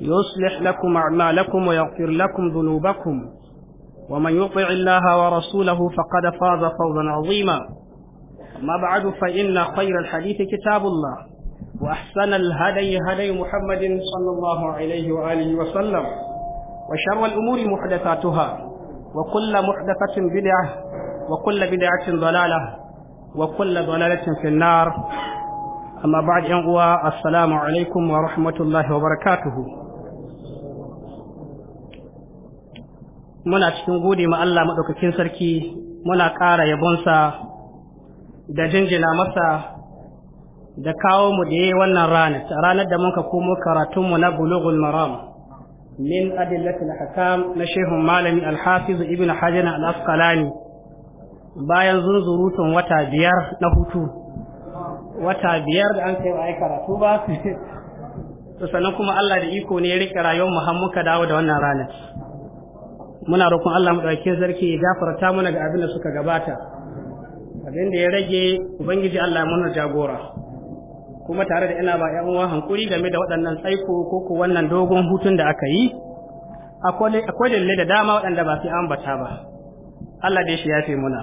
يصلح لكم أعمالكم ويغفر لكم ذنوبكم ومن يطع الله ورسوله فقد فاز فوزا عظيما ما بعد فإن خير الحديث كتاب الله وأحسن الهدي هدي محمد صلى الله عليه وآله وسلم وشر الأمور محدثاتها وكل محدثة بدعة وكل بدعة ضلالة وكل ضلالة في النار أما بعد أنقوى السلام عليكم ورحمة الله وبركاته muna cikin gode ma Allah maɗaukakin sarki muna ƙara yabonsa da jinjina masa da kawo mu da yayi wannan ranar ranar da muka komo karatunmu na bulughul maram min adillatil hakam na shehun malami alhafiz ibn hajar al-asqalani bayan zunzurutun wata biyar na hutu wata biyar da an kai wa karatu ba to sannan kuma Allah da iko ne ya rike rayuwar mu har muka dawo da wannan ranar muna roƙon Allah mu ɗauke sarki ya gafarta mana ga abin da suka gabata abin da ya rage ubangiji Allah mana jagora kuma tare da ina ba ƴan uwa hankuri game da waɗannan tsaiko ko ko wannan dogon hutun da aka yi akwai dalilai da dama waɗanda ba su ambata ba Allah dai shi yafe muna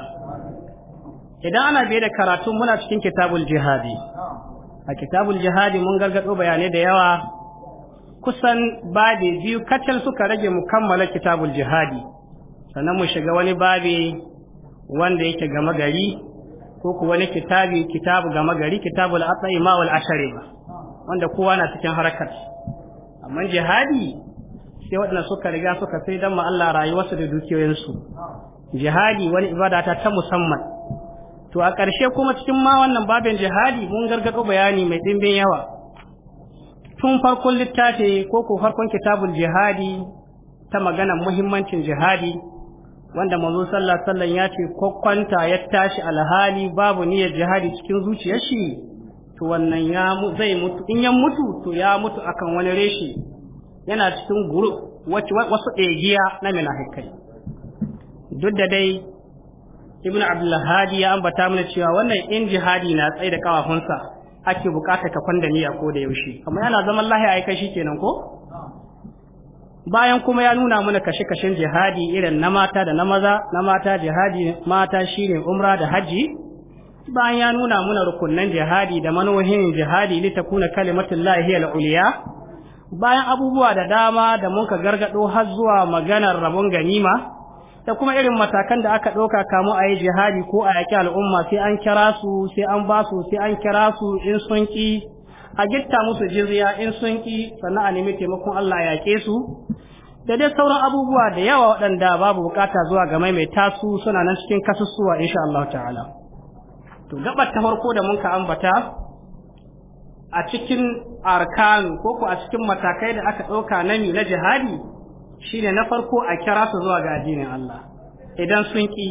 idan ana biye da karatu muna cikin kitabul jihadi a kitabul jihadi mun gargado bayanai da yawa kusan babi biyu kacal suka rage mu kammala kitabul jihadi sannan mu shiga wani babi wanda yake gama gari ko kuwa wani kitabi kitabu gama gari kitabul at'ima wal ba, wanda kowa na cikin harakar amma jihadi sai waɗanda suka riga suka sai dan ma Allah rayuwarsa da dukiyoyinsu jihadi wani ibada ta ta musamman to a ƙarshe kuma cikin ma wannan babin jihadi mun gargado bayani mai ɗimbin yawa tun farkon littafi ko ko farkon kitabul jihadi ta magana muhimmancin jihadi wanda manzo sallallahu alaihi ya ce kwakwanta ya tashi alhali babu niyyar jihadi cikin zuciyar shi to wannan ya zai mutu in ya mutu to ya mutu akan wani reshe yana cikin guru wasu ɗegiya na munafikai duk da dai ibnu abdul hadi ya ambata mana cewa wannan in jihadi na tsaye da kawafunsa ake bukata ka kwanda ni ko da yaushe amma yana zaman lahiya ai kai shikenan ko bayan kuma ya nuna muna kashe-kashen jihadi irin na mata da na maza na mata jihadi mata shine umra da Hajji. bayan ya nuna muna rukunnan jihadi da manohin jihadi li takuna kalimatul lahi al bayan abubuwa da dama da mun ka gargado har zuwa maganar rabon ganima da kuma irin matakan da aka ɗauka kamu a yi jihadi ko a yaƙi al'umma sai an kira su sai an ba su sai an kira su in sun ƙi a gitta musu jirya in sun ƙi sannan a nemi taimakon Allah yaƙe su da dai sauran abubuwa da yawa waɗanda babu bukata zuwa ga mai tasu suna nan cikin kasussuwa insha Allah ta'ala to gabar ta farko da mun ka ambata a cikin arkan ko ko a cikin matakai da aka ɗauka na na jihadi Shi ne na farko a kira su zuwa ga addinin Allah idan sun ki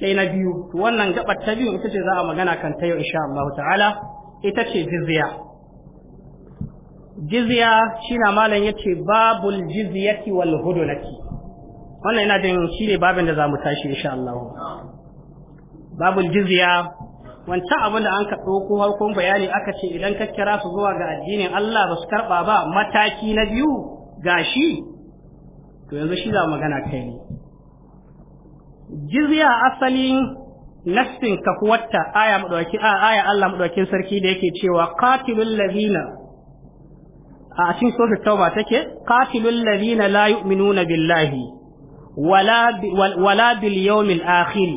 sai na biyu wannan gaɓar ta biyu ita ce za a magana kan ta yau insha Allah ta'ala ita ce jizya jizya shine malam ce babul jizyati wal hudunati wannan yana jin ne babin da za mu tashi insha Allah babul jizya wancan abin da an ka ɗauko harkon bayani aka ce idan ka kira su zuwa ga addinin Allah ba su karɓa ba mataki na biyu ga shi. to yanzu shi za magana kai ne jizya asalin nassin kafuwarta aya madauki a aya Allah madaukin sarki da yake cewa qatilul ladina a cikin sura tauba take qatilul ladina la yu'minuna billahi wala wala bil yawmil akhir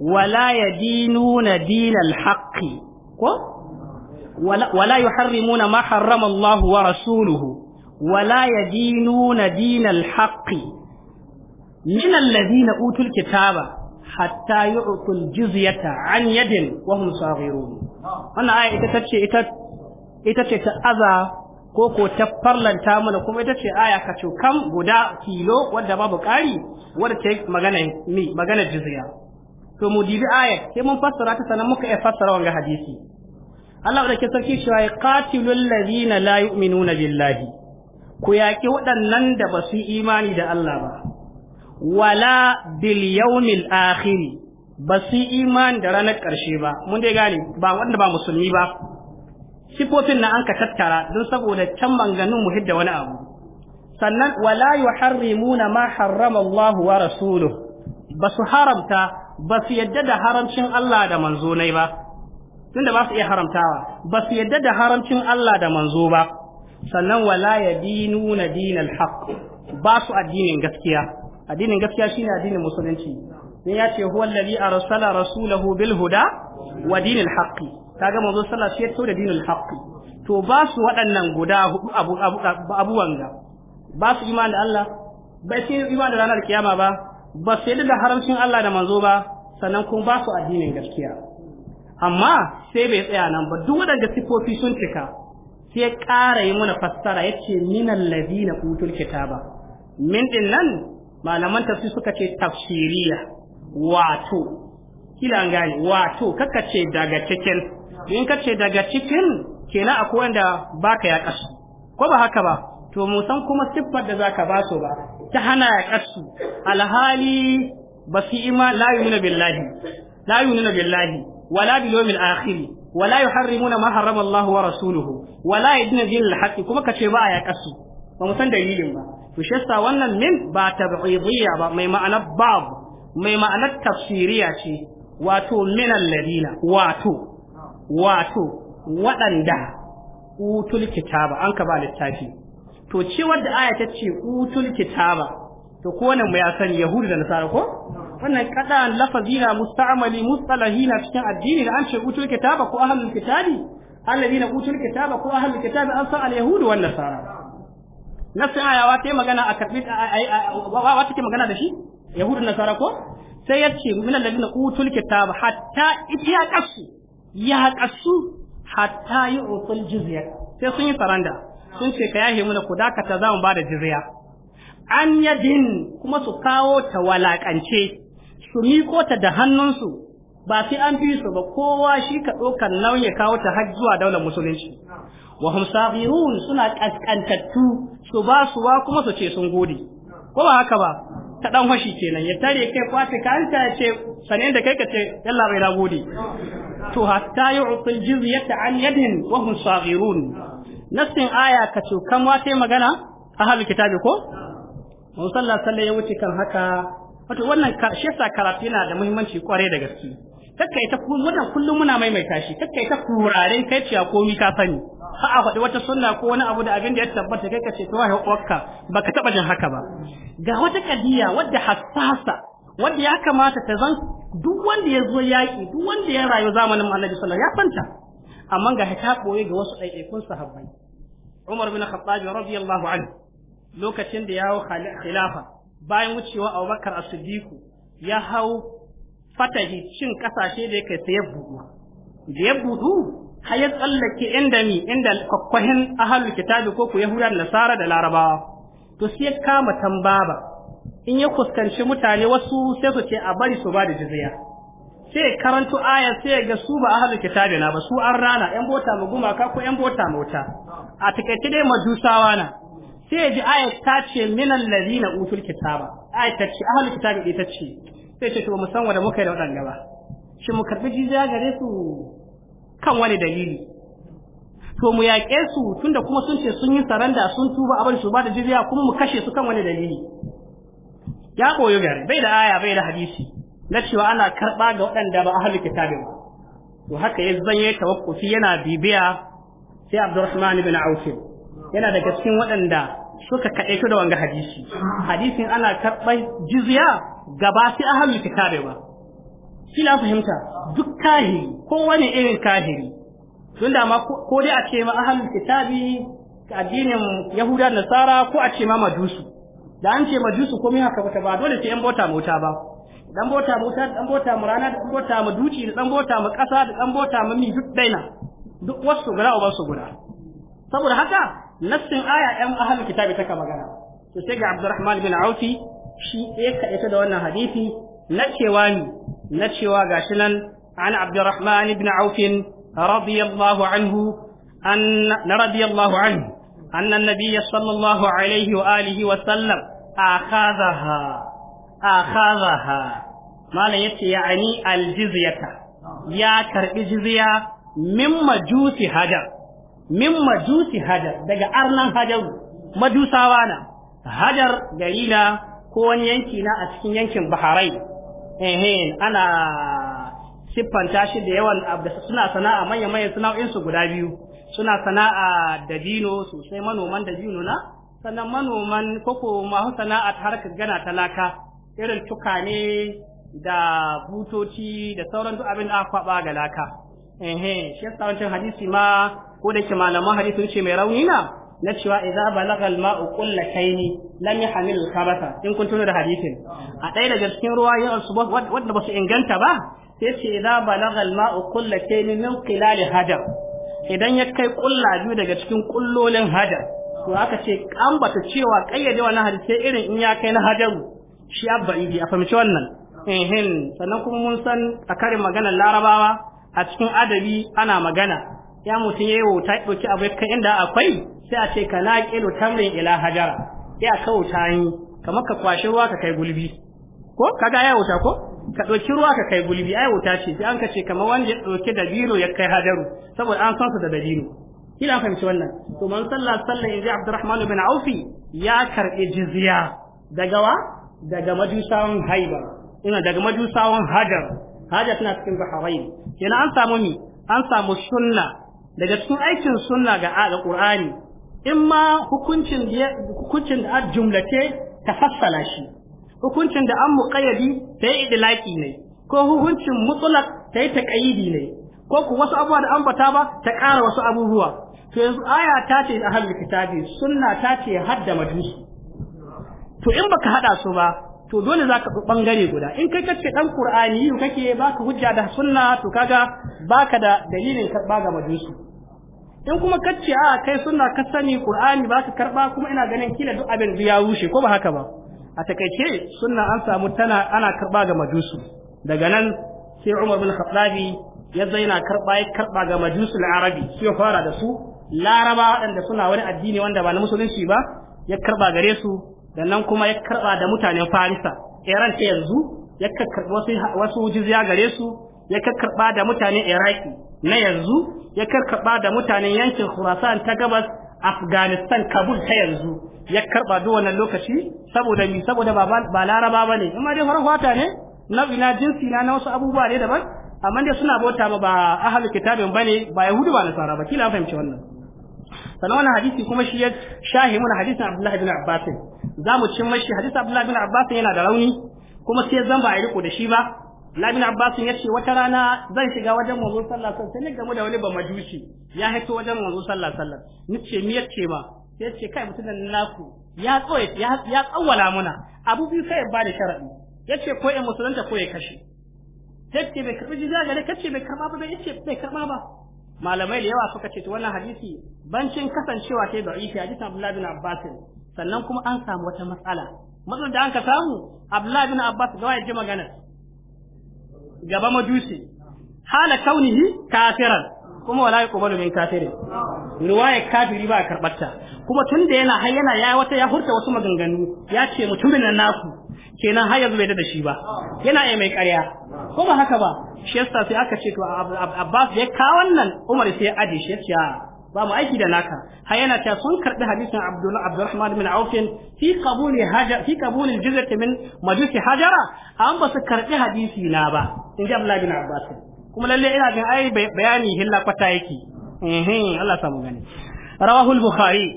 wala yadinuna dinal haqqi ko wala yuharrimuna ma harrama Allah wa rasuluhu wala yadinuna dinal haqqi min alladhina utul kitaba hatta yu'tul jizyata an yadin wa hum saghirun wannan aya ita ce ta aza ko ko mana kuma ita ce aya ka kam guda kilo wanda babu ƙari wadda ta magana ni, magana jizya to mu dibi aya sai mun fassara ta sanan muka iya fassara wanga hadisi Allah da ke sarki cewa qatilul ladina la yu'minuna billahi ku yaƙi waɗannan da ba su imani da Allah ba wala bil yawmil akhir ba su imani da ranar ƙarshe ba mun dai gane ba wanda ba musulmi ba sifofin na an ka tattara don saboda can manganin mu hidda wani abu sannan wala yuharrimuna ma harrama Allah wa rasuluhu ba su haramta ba su yadda da haramcin Allah da manzo ba tunda ba su iya haramtawa ba su yadda da haramcin Allah da manzo ba sannan wala yadinuna dinar haƙ ba su addinin gaskiya addinin gaskiya shi ne addinin musulunci ne ya ce huwa a rasala rasulahu bil huda wa dinil haqqi Ta manzo sallallahu alaihi wasallam ya dinin haqqi to ba su waɗannan guda hudu abubuwan ga ba su iman da Allah ba su iman da ranar kiyama ba ba su yadda da haramcin Allah da manzo ba sannan kuma ba su addinin gaskiya amma sai bai tsaya nan ba duk waɗanda sifofi sun cika sai ƙara yi muna fassara ya ce minan na utul kitaba min din nan malaman tafsi suka ce tafsiriya wato kila an gani wato kaka ce daga cikin in ka ce daga cikin kenan akwai wanda ka yaƙa su. ko ba haka ba to mu san kuma siffar da za ka ba su ba ta hana ya su alhali ba su ima layu nuna billahi layu nuna billahi wala bil yawmil wala yuharrimuna ma harrama Allah wa rasuluhu wala yadina zil al kuma kace ba ya kasu ba mu san dalilin ba to shi yasa wannan min ba tab'idiyya ba mai ma'anar bab mai ma'anar tafsiriya ce wato min alladina wato wato waɗanda utul kitaba an ka ba littafi to cewar wadda aya ta ce utul kitaba to ko mu ya san yahudu da nasara ko wannan kada lafazi na musta'mali mustalahi na cikin addini da an ce utul kitaba ko ahlul kitabi alladina utul kitaba ko ahlul kitabi an san al Yahudu wan nasara nasin ayawa ta magana a karbi wa take magana da shi yahudu nasara ko sai ya ce min alladina utul kitaba hatta ya kasu ya kasu hatta yu'tul jizya sai sun yi saranda sun ce ka yahe mu ku dakata za mu ba da jizya an yadin kuma su kawo ta walakance su miko ta da hannunsu ba sai an fi su ba kowa shi ka ɗaukar nauyin ya kawo ta har zuwa daular musulunci wa hum suna kaskantattu su ba su wa kuma su ce sun gode ko ba haka ba ta dan fashi kenan ya tare kai kwace ka ya ce sane da kai ka ce yalla bai na gode to hatta yu'til jizyata an yadin wa hum saghirun Nasin aya ka ce kan wata magana a kitabi ko Musa sallallahu ya wuce kan haka wato wannan shi yasa karatu yana da muhimmanci kwarai da gaske kakkai ta wannan kullum muna maimaita shi kakkai ta kuraren kai ciya komi ka sani fa a faɗi wata sunna ko wani abu da abin da ya tabbata kai ka ce to wai wakka baka taba jin haka ba ga wata kadiya wadda hassasa wadda ya kamata ta zan duk wanda ya zo yaƙi duk wanda ya rayu zamanin annabi sallallahu alaihi wasallam ya fanta amma ga ta koye ga wasu ɗaiɗaikun sahabbai Umar bin Khattab radiyallahu anhu lokacin da yawo khilafa bayan wucewa abubakar a sudiku ya hau fatahi cin kasashe da yake sai ya budu da ya buɗu har ya tsallake inda mi inda kwakwahin ahlul kitabi ko ku yahuda nasara da larabawa to sai ya kama tambaba in ya kuskanci mutane wasu sai su ce a bari su ba da jizya sai karanto aya sai ya ga su ba ahlul kitabi na ba su an rana yan bota mu gumaka ko yan bota mota a takaice dai majusawa na sai ji ayat ta ce minan ladina utul kitaba ayat ta ce ahlul kitabi ita ce sai ce to mu san wanda muka yi da wadanga ba shi mu karbi jiziya gare su kan wani dalili to mu yaƙe su tunda kuma sun ce sun yi saranda sun tuba abin su ba da jiziya kuma mu kashe su kan wani dalili ya koyo gari bai da aya bai da hadisi na cewa ana karɓa ga waɗanda ba ahlul kitabi ba to haka ya zanye tawakkufi yana bibiya sai Abdurrahman ibn Auf yana daga cikin waɗanda suka shi da wanga hadisi hadisin ana karɓar jizya gaba sai ahlul kare ba na fahimta duk kahiri ko wani irin kahiri tun da ma ko dai a ce ma a ahlul kitabi addinin yahuda nasara ko a ce ma majusu da an ce majusu ko min haka ba dole sai yan bota mota ba dan bota mota dan bota mu rana dan bota mu duci dan bota mu kasa dan bota mu mi duk daina duk wasu guda a wasu guda saboda haka nassin aya ɗan ahalul kitabi taka magana to sai ga Abdurrahman bin Aufi shi ya ita da wannan hadisi na cewa ni na cewa gashi nan an Abdurrahman bin Auf radiyallahu anhu أن رضي الله عنه أن النبي صلى الله عليه وآله وسلم أخذها أخذها ما لا يعني الجزية يا كرب جزية من مجوس هجر min majusi hajar daga arnan hajar majusawa na hajar gari na ko wani yanki na a cikin yankin baharai ana siffanta shi da yawan suna sana'a manya manya sana'o'in su guda biyu suna sana'a da dino sosai manoman da dino na sannan manoman koko masu sana'a harkar gana talaka irin tukane da butoci da sauran duk abin da aka kwaba ga laka ehe shi yasa wancan hadisi ma ko da yake malaman hadisin ce mai rauni na na cewa idza balagha al-ma'u qullataini lam yahmil al in kun tuna da hadisin a ɗaya daga cikin ruwayoyin su wanda ba su inganta ba sai ce idza balagha al-ma'u qullataini min qilal hajar idan ya kai kulla biyu daga cikin kullolin hajar to aka ce ambata cewa kayyade wannan hadisi irin in ya kai na hajaru shi abba idi a fahimci wannan ehin sannan kuma mun san a karin maganar larabawa a cikin adabi ana magana ya mutum ya yi wuta ɗauki abu kan inda akwai sai a ce ka na ƙilu tamrin ila hajara ya ka wuta yi kamar ka kwashi ruwa ka kai gulbi ko ka ga ya wuta ko ka ɗauki ruwa ka kai gulbi ai wuta ce sai an ka ce kamar wanda ya ɗauki dabino ya kai hajaru saboda an san su da dabino kila an fahimci wannan to man sallah sallah in ji abdurrahman bin aufi ya karɓi jizya daga wa daga majusawan haiba. ina daga majusawan hajar hajar tana cikin bahawai kenan an samu mi an samu sunna daga cikin aikin sunna ga Alƙur'ani, in ma hukuncin hukuncin da jumlace ta fassala shi hukuncin da an muqayyadi ta yi idilaki ne ko hukuncin mutlaq ta yi taqayidi ne ko ku wasu abubuwa da an bata ba ta ƙara wasu abubuwa to yanzu aya ta ce hannun kitabi sunna ta ce hadda majusi to in baka haɗa su ba to dole za ka ɓangare guda in kai kace ƙur'ani, qur'ani kake baka hujja da sunna to kaga baka da dalilin ba ga majusu in kuma kace a kai sunna ka sani qur'ani ba ka karba kuma ina ganin kila duk abin ya rushe ko ba haka ba a takaice sunna an samu tana ana karba ga majusu daga nan sai Umar bin Khattab ya zaina karba ya karba ga al arabi sai ya fara da su laraba waɗanda suna wani addini wanda ba na musulunci ba ya karba gare su da nan kuma ya karba da mutanen farisa iran eh, ce yanzu ya karba wasu wasu jizya gare su ya kakkarba da mutanen iraki na yanzu ya karkaba da mutanen yankin khurasan ta gabas afghanistan kabul ta yanzu ya karba duk wannan lokaci saboda mi saboda ba ba laraba bane amma dai farko fata ne na na jinsi na na wasu abubuwa ne daban amma dai suna bauta ba ba ahli kitabin bane ba yahudu ba nasara ba kila fahimci wannan sannan wannan hadisi kuma shi ya shahi mun hadisin abdullahi bin abbas za mu cin mashi hadisin abdullahi bin abbas yana da rauni kuma sai zan ba a riko da shi ba Labin Abbas ya ce wata rana zan shiga wajen manzo sallah sallah sai sai gamu da wani bamajusi ya haito wajen manzo sallah sallah. ni ce mi yace ma sai ce kai mutunan naku ya tsoye ya tsawala muna abu biyu kai ba da sharadi yace ko ya musulunta ko ya kashe yace bai karbi jiya gare kace bai karba ba bai yace bai karba ba malamai da yawa suka ce to wannan hadisi bancin kasancewa ta da'ifi hadisi Abdullah bin Abbas sannan kuma an samu wata matsala matsalar da an ka samu Abdullah bin Abbas ga ya ji magana gaba majusi hala kaunihi kafiran kuma wala yakubalu min kafiri riwaya kafiri ba karbarta kuma tun da yana har yana ya wata ya hurta wasu maganganu ya ce mutumin nan naku kenan har yanzu bai da shi ba yana ai mai ƙarya ko haka ba shi yasa sai aka ce to Abbas ya ka wannan Umar sai ya aje shi ya ce ba mu aiki da naka har yana cewa sun karbi hadisin Abdullah Abdurrahman bin Auf fi qabuli haja fi qabuli jizati min majusi hajara an ba su karbi hadisi na ba in ji Abdullah bin Abbas kuma lalle ina ga ai bayani hilla kwata yake eh Allah samu gani rawahu al-bukhari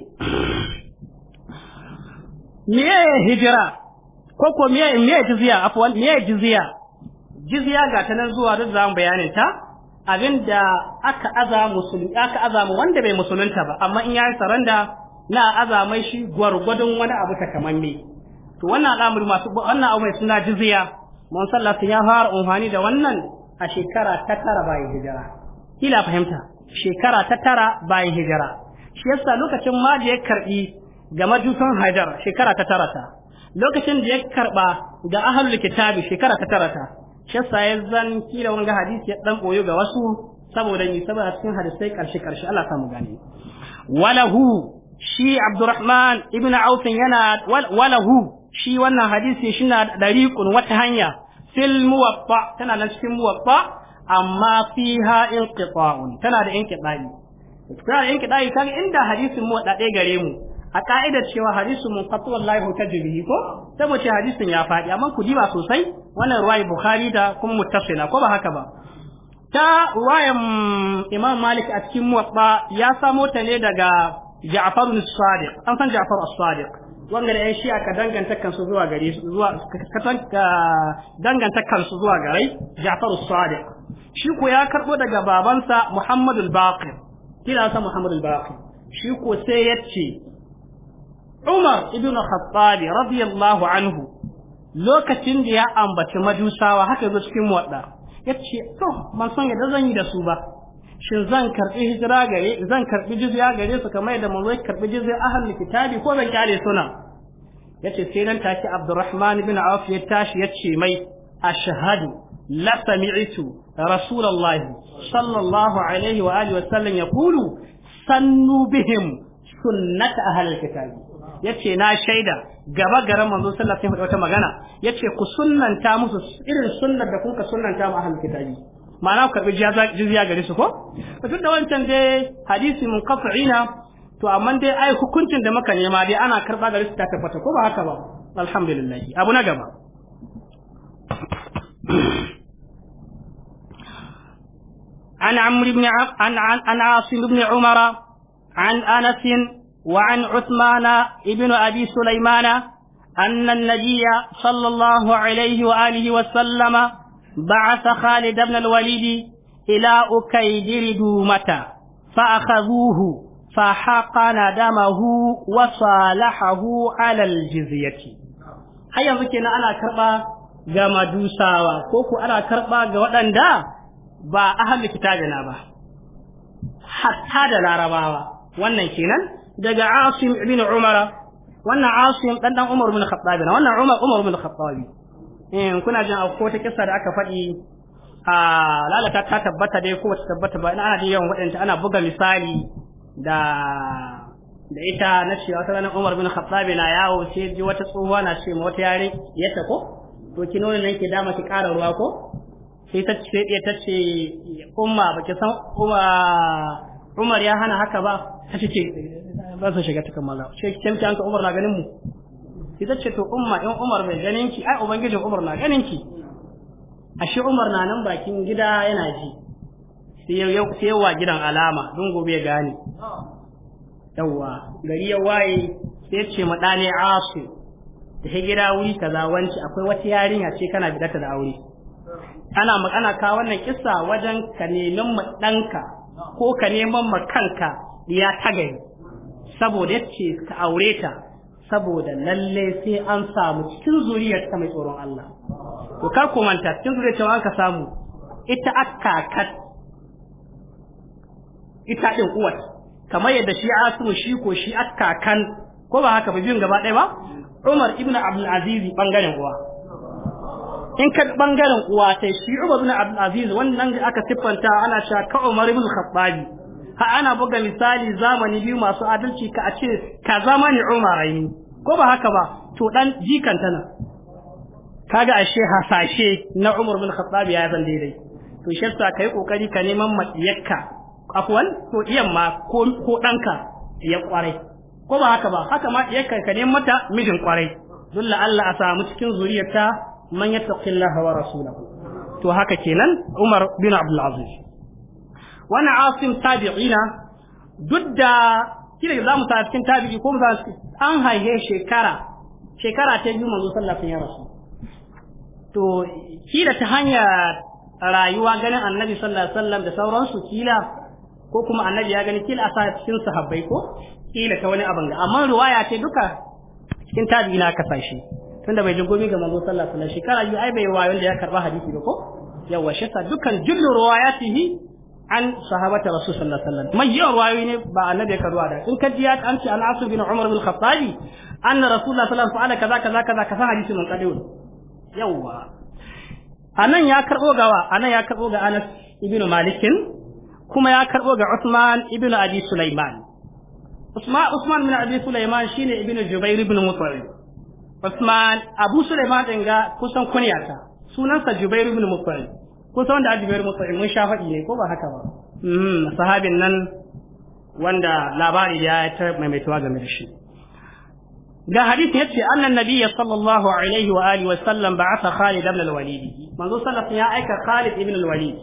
miye hijira ko ko miye miye jizya afwan miye jizya jizya ga ta nan zuwa duk zamu bayanin ta abinda aka aza musulmi aka aza mu wanda bai musulunta ba amma in yayin saranda na aza mai shi gwargwadon wani abu ta takamamme to wannan al'amari masu wannan abu mai suna jizya mun sallah ya fara umfani da wannan a shekara ta tara bayan hijira kila fahimta shekara ta tara bayan hijira shi yasa lokacin ma da ya karbi ga majusan hajar shekara ta tara ta lokacin da ya karba ga ahlul kitabi shekara ta tara ta shi ya zan kila wani hadisi ya dan koyo ga wasu saboda ni saboda cikin hadisai karshe karshe Allah mu gane walahu shi Abdurrahman ibn Auf yana walahu shi wannan hadisi shi na dariqun wata hanya fil muwaffa tana nan cikin muwaffa amma fiha inqita'un tana da inqita'i tana da inqita'i kan inda hadisin mu da gare mu a ka'idar cewa hadisu mun qatu wallahi bihi ko sai mu ce hadisin ya faɗi amma ku diba sosai wannan ruwayi bukhari da kuma muttasila ko ba haka ba ta ruwayan imam malik a cikin muwatta ya samo ta ne daga ja'far as-sadiq an san ja'far as-sadiq wanda da yan shi'a ka danganta kansu zuwa gare zuwa ka danganta kansu zuwa gare ja'far as-sadiq shi ko ya karbo daga babansa muhammadul baqir kila sa muhammadul baqir shi ko sai ya ce Umar ibn Khattab radiyallahu anhu lokacin da ya ambaci majusawa haka zo cikin wadda yace to ban san yadda zan yi da su ba shin zan karbi hijira gare zan karbi jizya gare su kamar da manzo ya karbi jizya ahlul kitabi ko zan kyale suna yace sai nan take Abdurrahman ibn Auf ya tashi yace mai ashhadu la sami'tu rasulullahi sallallahu alaihi wa alihi wa sallam yaqulu sannu bihim sunnat ahlul kitabi yace na shaida gaba garan manzo sallallahu alaihi wasallam wata magana yace ku sunnanta musu irin sunnar da kuka sunnanta mu ahlul kitabi ma'ana ku karbi jizya gare su ko to tunda da wancan dai hadisi munqati'ina to amma dai ai hukuncin da muka nema dai ana karba gare su ta tabbata ko ba haka ba alhamdulillah abu na gaba عن عمرو بن عن عن عاصم بن عمر عن انس وعن عثمان ابن أبي سليمان أن النبي صلى الله عليه وآله وسلم بعث خالد بن الوليد إلى أكيدر دومة فأخذوه فحقن دمه وصالحه على الجزية هيا مكينا أنا كربا جما دوساوا كوكو أنا كربا جوادن دا با أهم كتابنا با حتى دا لارباوا wannan kenan daga asim ibn Umar wannan asim dan dan umar ibn khattab na wannan umar umar ibn khattab eh kuna jin akwai ta kissa da aka faɗi a lalata ta tabbata dai ko ta tabbata ba ina da yawan waɗanda ana buga misali da da ita na cewa ta umar bin khattab na yawo sai ji wata tsohuwa na ce ma wata yare ta ko to ki nuna nan ki dama ki ƙara ruwa ko sai ta ce ta ce umma baki san umma Umar ya hana haka ba ta ce ba su shiga cikin maza ce kyanki an ka umar na ganin mu ita ce to umma in umar mai ganin ki ai ubangijin umar na ganin ki ashe umar na nan bakin gida yana ji sai yau yau wa gidan alama don gobe ya gane yawa gari ya waye sai ce ma dane asu da shi gida wuri kaza wanci akwai wata yarinya ce kana bidata da aure ana magana ka wannan kissa wajen ka neman ma ɗanka ko ka neman ma kanka ya ta gari saboda yace ka aure ta saboda lalle sai an samu cikin zuriyar ta mai tsoron Allah to kar ko manta cikin zuriyar ta an ka samu ita akakat ita din uwar kamar yadda shi asu shi ko shi akakan ko ba haka ba bin gaba ɗaya ba Umar ibn Abdul Aziz bangaren uwa in ka bangaren uwa sai shi Umar ibn Abdul Aziz wannan da aka siffanta ana cewa ka Umar ibn Khattabi ha ana buga misali zamani biyu masu adalci ka a ce ka zamani umaraini ko ba haka ba to dan jikan tana kaga ashe hasashe na Umar bin Khattab ya zan daidai to shi yasa kai kokari ka neman matiyakka afwan to iyan ma ko ko danka ya kwarai ko ba haka ba haka ma iyakka ka neman mata mijin kwarai dulla Allah a samu cikin zuriyarta man yattaqillaha wa rasulahu to haka kenan Umar bin Abdul Aziz wani asim tabi'ina duk da kila za mu sami cikin tabi'i ko za an haihe shekara shekara ta biyu manzo sallallahu ya rasu to kila ta hanya rayuwa ganin annabi sallallahu alaihi wasallam da sauransu kila ko kuma annabi ya gani kila a sa cikin sahabbai ko kila ta wani abin amma ruwaya ce duka cikin tabi'i na kasashe, sashi tunda bai gomi ga manzo sallallahu alaihi wasallam shekara biyu ai bai wayon da ya karba hadisi ba ko yawa shi sa dukkan jullu ruwayatihi an sahabata rasul sallallahu alaihi wasallam mai yawan wayoyi ne ba annabi ka ruwa da in ka ji an ce an asu bin umar bin khattabi anna rasulullah sallallahu alaihi wasallam kaza kaza kaza ka san hadisin nan kadai yawa anan ya karbo gawa anan ya karbo ga Anas ibnu Malik kuma ya karbo ga Usman ibnu Abi Sulaiman Usman Usman bin Abi Sulaiman shine ibnu Jubair ibn Mut'im Usman Abu Sulaiman din ga kusan kunyata sunansa Jubair ibn Mut'im kun san wanda ajibiyar musulmi eh, mun sha faɗi ne ko ba haka ba hmm, sahabin nan wanda labari ya ta maimaituwa game da shi ga hadisi yace annan Nabiya sallallahu alaihi wa alihi wa sallam ba'atha Khalid ibn al-Walid manzo sallallahu ya aika Khalid ibn al-Walid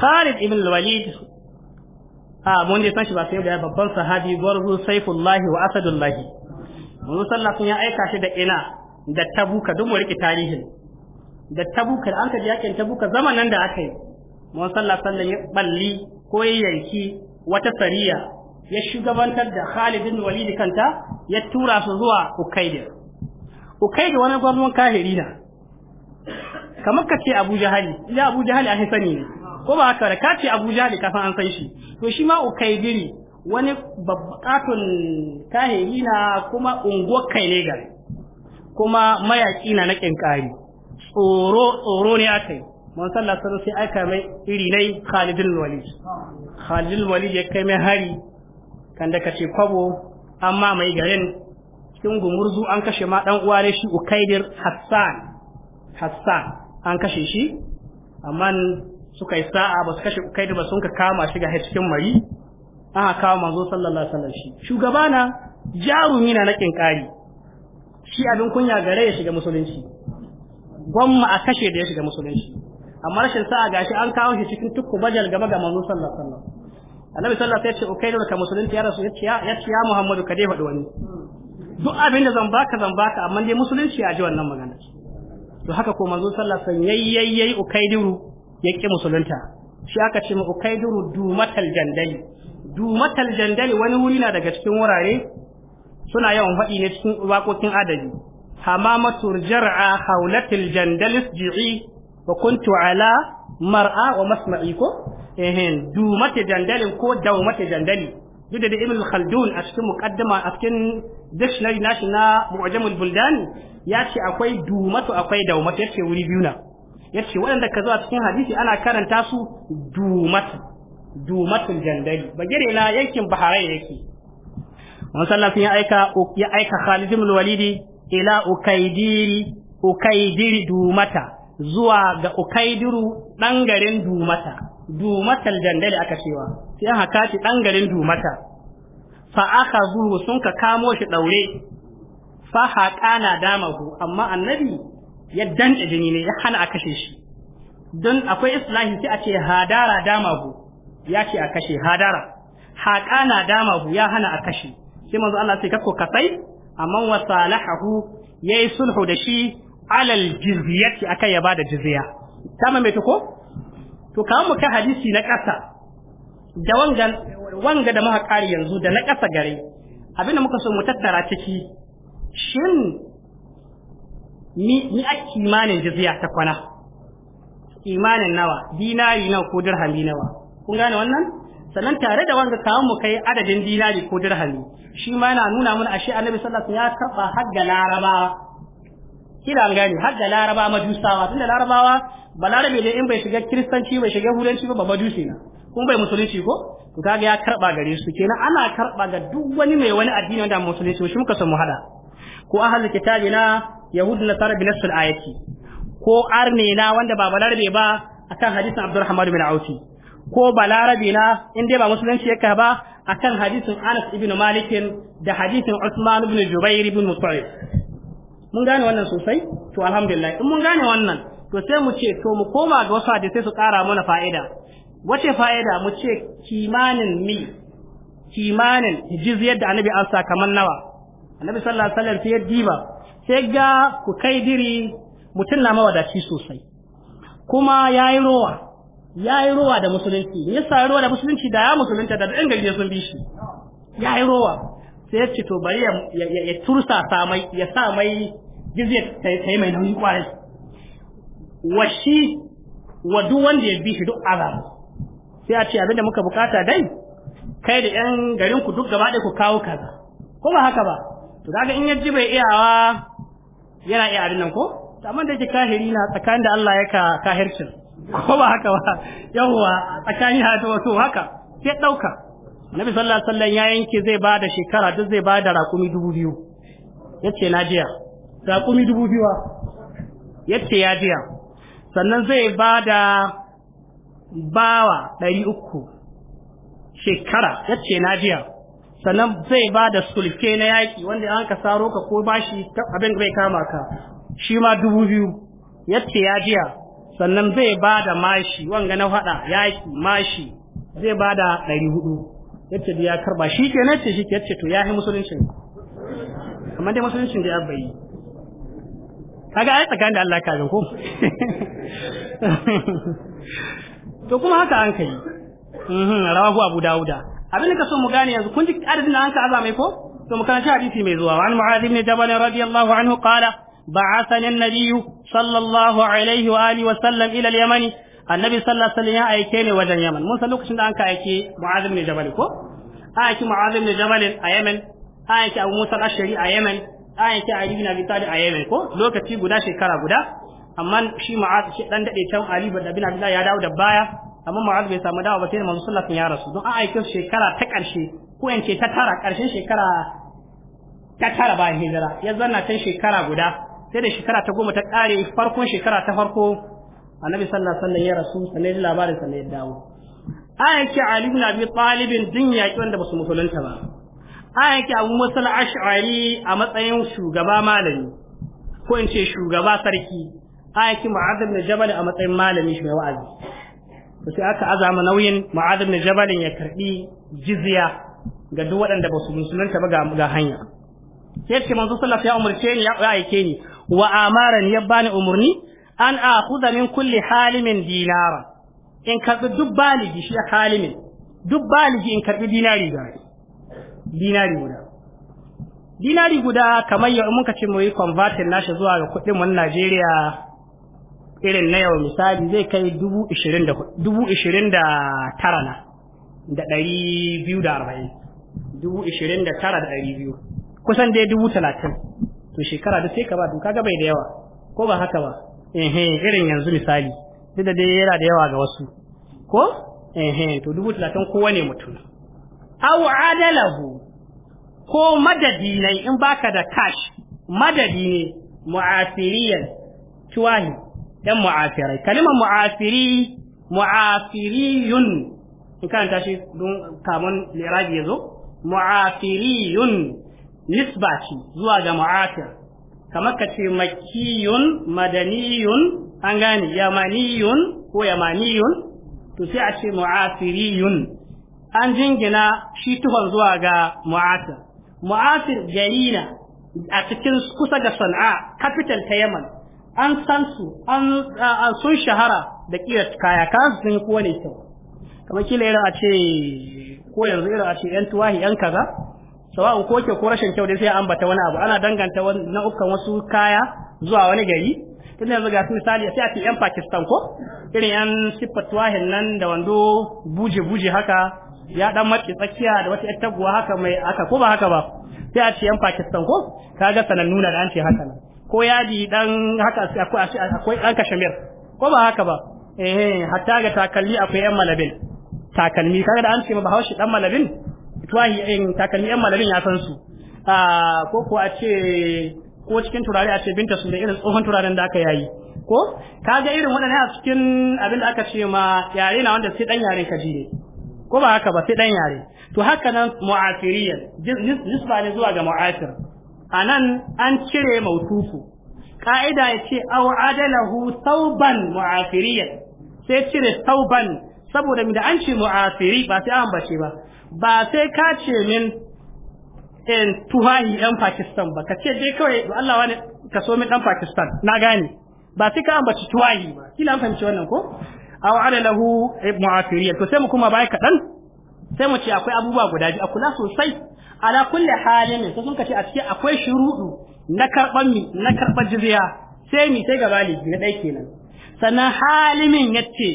Khalid ibn al-Walid a mun dai san shi ba sai da babban sahabi gwarzu Saifullah wa Asadullah manzo sallallahu ya aika shi da ina da Tabuka duk mu rike tarihin da tabuka da an ka ji yakin tabuka zaman nan da aka yi mun sallah sallan ya balli ko ya yanki wata sariya ya shugabantar da Khalid bin Walid kanta ya tura su zuwa Ukaida Ukaida wani gwamnan kahiri na kamar ka ce Abu Jahali ya Abu Jahali a sani ne ko ba haka ka ce Abu Jahali ka san an san shi to shi ma Ukaidiri wani babbakatun kahiri na kuma unguwar ne ga? kuma mayaki na na kinkari tsoro tsoro ne aka yi man sallah sun sai aka mai iri yi khalidin walid khalidin walid ya kai mai hari kan da kace kwabo amma mai garin cikin gumurzu an kashe ma dan uwa ne shi ukaidir hassan hassan an kashe shi amma suka yi sa'a ba su kashe ukaidir ba sun ka kama shi ga cikin mari aka kawo manzo sallallahu alaihi wasallam shi shugabana jarumi na na kari shi abin kunya gare ya shiga musulunci gwamma a kashe da ya shiga musulunci amma rashin sa'a gashi an kawo shi cikin tukku bajal game ga manzo sallallahu alaihi wasallam annabi sallallahu alaihi wasallam ya ce kai ka musulunci ya rasu ya ce ya muhammadu ka dai faɗi wani duk abin da zan baka zan baka amma dai musulunci ya ji wannan magana to haka ko manzo sallallahu alaihi wasallam yayyayyay ukaiduru ya ki musulunta shi aka ce ma ukaiduru dumatal jandali dumatal jandali wani wuri na daga cikin wurare suna yawan faɗi ne cikin waƙoƙin adabi حمامة الجرعى حولة الجندل اسجعي وكنت على مرأى ومسمعيكو إهن دومة جندل كو دومة جندلي duk da ibn khaldun a cikin muqaddama a cikin dictionary nashi akwai dumatu akwai daumatu yace wuri biyu na yace waɗanda ka zo a cikin hadisi ana karanta su dumatu dumatul jandali bagire na yankin bahrain yake wannan sallah sun ya aika ya Walidi ila ukaidiri ukaidiri dumata zuwa ga ukaidiru dangaren dumata dumatal jandali aka cewa sai haka shi ɗan dumata fa aka zuhu sun ka kamo shi ɗaure fa haƙa na damahu amma annabi ya dand'a jini ne ya hana a kashe shi don akwai islahi sai a ce hadara damahu ya ce a kashe hadara haƙa na damahu ya hana a kashe sai manzo Allah sai kakko kasai amma wa yayi sulhu da shi alal jizyati akai ya bada jizya kama mai ko to kawo mu ka hadisi na ƙasa da wanga wanga da muka yanzu da na kasa gare abinda muka so mu tattara ciki shin ni ni imanin jizya ta kwana imanin nawa dinari nawa ko dirhami nawa kun gane wannan sannan tare da wanda kawo mu kai adadin dinari ko dirhami shi ma yana nuna mana ashe annabi sallallahu alaihi wasallam ya taba hadda larabawa kira gani hadda laraba majusawa tunda larabawa balarabe ne in bai shiga kiristanci bai shiga hudanci ba majusi na kun bai musulunci ko to kaga ya karba gare su kenan ana karba ga duk wani mai wani addini wanda musulunci shi muka san mu hada ko ahlul kitabi na yahud na sarabi sul ayati ko arne na wanda ba balarabe ba akan hadisin abdurrahman bin Auti. ko balarabi na in dai ba musulunci yake ba akan hadisin Anas ibn Malik da hadisin Usman ibn Jubair ibn Mut'im mun gane wannan sosai to alhamdulillah in mun gane wannan to sai mu ce to mu koma ga wasu sai su kara mana fa'ida wace fa'ida mu ce kimanin mi kimanin jizyar da annabi an sa kamar nawa annabi sallallahu alaihi wasallam sai diba sai ga ku kai diri mutum na mawadaci sosai kuma yayi rowa ya yi rowa da musulunci ya sa rowa da musulunci da ya musulunta da ɗan gari sun bi shi ya yi rowa sai ya ce to bari ya tursa samai ya sa mai ta yi mai nauyi kwarai wa shi wa duk wanda ya bi shi duk azab sai a ce abinda muka bukata dai kai da yan garin ku duk gaba ɗaya ku kawo kaza ko ba haka ba to kaga in yaji bai iyawa yana iya abin nan ko amma da yake kahiri na tsakanin da Allah ya ka kahircin ko ba haka ba yawwa a tsakanin ta wato haka sai dauka nabi sallallahu alaihi wasallam ya yanke zai ba da shekara duk zai ba da rakumi dubu biyu yace na jiya rakumi dubu biyu yace ya jiya sannan zai ba da bawa ɗari uku shekara yace na jiya sannan zai ba da sulke na yaƙi wanda an ka saro ka ko bashi abin bai kama ka shi ma dubu biyu yace ya jiya sannan zai ba da mashi wanga na fada yaki mashi zai ba da ɗari hudu yace da ya karba shi ke nace shi ke yace to ya yi musuluncin amma dai musuluncin da ya bayi kaga ai tsakanin da Allah kaga ko to kuma haka an kai mhm rawahu abu dauda abin da so mu gane yanzu kun ji adadin da an ka azamai ko to mu kana shi hadisi mai zuwa an mu'adh ibn jabal radiyallahu anhu qala بعثني النبي صلى الله عليه وآله وسلم إلى اليمن annabi sallallahu alaihi wasallam ya aike ne wajen Yaman mun san lokacin da an ka aike Mu'adh ibn Jabal ko aike Mu'adh ibn Jabal a Yaman a aike Abu Musa al-Ashari a Yaman a aike Ali ibn Abi Talib a Yaman ko lokaci guda shekara guda amma shi Mu'adh shi dan dade can Ali ibn Abi Talib ya dawo da baya amma Mu'adh bai samu dawo ba sai Muhammad sallallahu alaihi wasallam ya rasu don a aike shekara ta karshe ko yance ta tara karshen shekara ta tara bayan hijira ya zanna ta shekara guda sai da shekara ta goma ta kare farkon shekara ta farko annabi sallallahu alaihi wasallam ya rasu sanai da labarin sa ya dawo an ke ali ibn abi talib din yaki wanda basu musulunta ba an ke abu musul ash'ari a matsayin shugaba malami ko in ce shugaba sarki an ke mu'adh ibn jabal a matsayin malami shi mai wa'azi to sai aka azama nauyin mu'adh ibn jabal ya karbi jizya ga duk waɗanda ba su musulunta ba ga hanya sai ce manzo sallallahu alaihi wasallam ya umarce ni ya aike ni wa amaran ya bani umarni an akhudha min kulli halimin dinara in ka duk baligi shi halimin duk baligi in karbi dinari da dinari guda dinari guda kamar yau mun ce mu yi converting nashi zuwa ga kuɗin mun Najeriya irin na yau misali zai kai dubu ishirin da dubu ishirin da tara na da ɗari biyu da arba'in dubu ishirin da tara da ɗari biyu kusan dai dubu talatin to shekara da sai ka ba don kaga bai da yawa ko ba haka ba eh irin yanzu misali duk da dai yana da yawa ga wasu ko eh to dubu talatin kowane mutum aw adalahu ko madadi ne in baka da cash madadi ne mu'asiriyan tuwani dan mu'asirai kalimar mu'asiri mu'asiriyun in karanta tashi don kamun liraji ya zo mu'afiriyun nisba ce zuwa ga mu'atir kamar ka ce makiyun madaniyun an gane yamaniyun ko yamaniyun to sai a ce mu'asiriyun an jingina shi tuhon zuwa ga mu'asir mu'asir gari a cikin kusa da sana'a capital ta yaman an san su an sun shahara da kira kaya kan sun yi kowane kyau kamar kila irin a ce ko yanzu irin a ce yan tuwahi yan kaza sawa'un ko ke ko rashin kyau dai sai ambata wani abu ana danganta na ukan wasu kaya zuwa wani gari tun yanzu ga misali sai a ce yan Pakistan ko irin yan siffat wahin nan da wando buje buje haka ya dan matsi tsakiya da wata yar guwa haka mai haka ko ba haka ba sai a ce yan Pakistan ko kaga sanan nuna da an ce haka nan ko yadi dan haka akwai akwai dan kashmir ko ba haka ba eh hatta ga takalmi akwai yan malabin takalmi kaga da an ce ba haushi dan malabin tuwahi in takalmi yan malamin ya san su ah, ko ko a ce ko cikin turare a ce binta su da irin tsohon turaren da aka yayi ko ka ga irin waɗannan a cikin abin da aka ce ma yare na wanda sai dan yare ka ne ko ba haka ba sai dan yare to haka nan muafiriyan nisba ne zuwa ga mu'asir anan an cire mautufu ka'ida ya ce aw adalahu sauban muafiriyan sai cire sauban saboda mi da an ce mu'asiri ba sai an bace ba ba sai ka ce min in eh, tuhahi ɗan Pakistan ba ka ce dai kawai Allah wani ka so min ɗan Pakistan na gane ba sai ka ambaci tuhahi ba kila an fahimci wannan ko aw ala lahu mu'afiriyya to sai mu kuma bai kaɗan sai mu ce akwai abubuwa guda biyu a kula sosai ala kulli halin sai sun kace a cikin akwai shurudu na karban mi na karban jizya sai mi sai gabali na dai kenan sannan halimin yace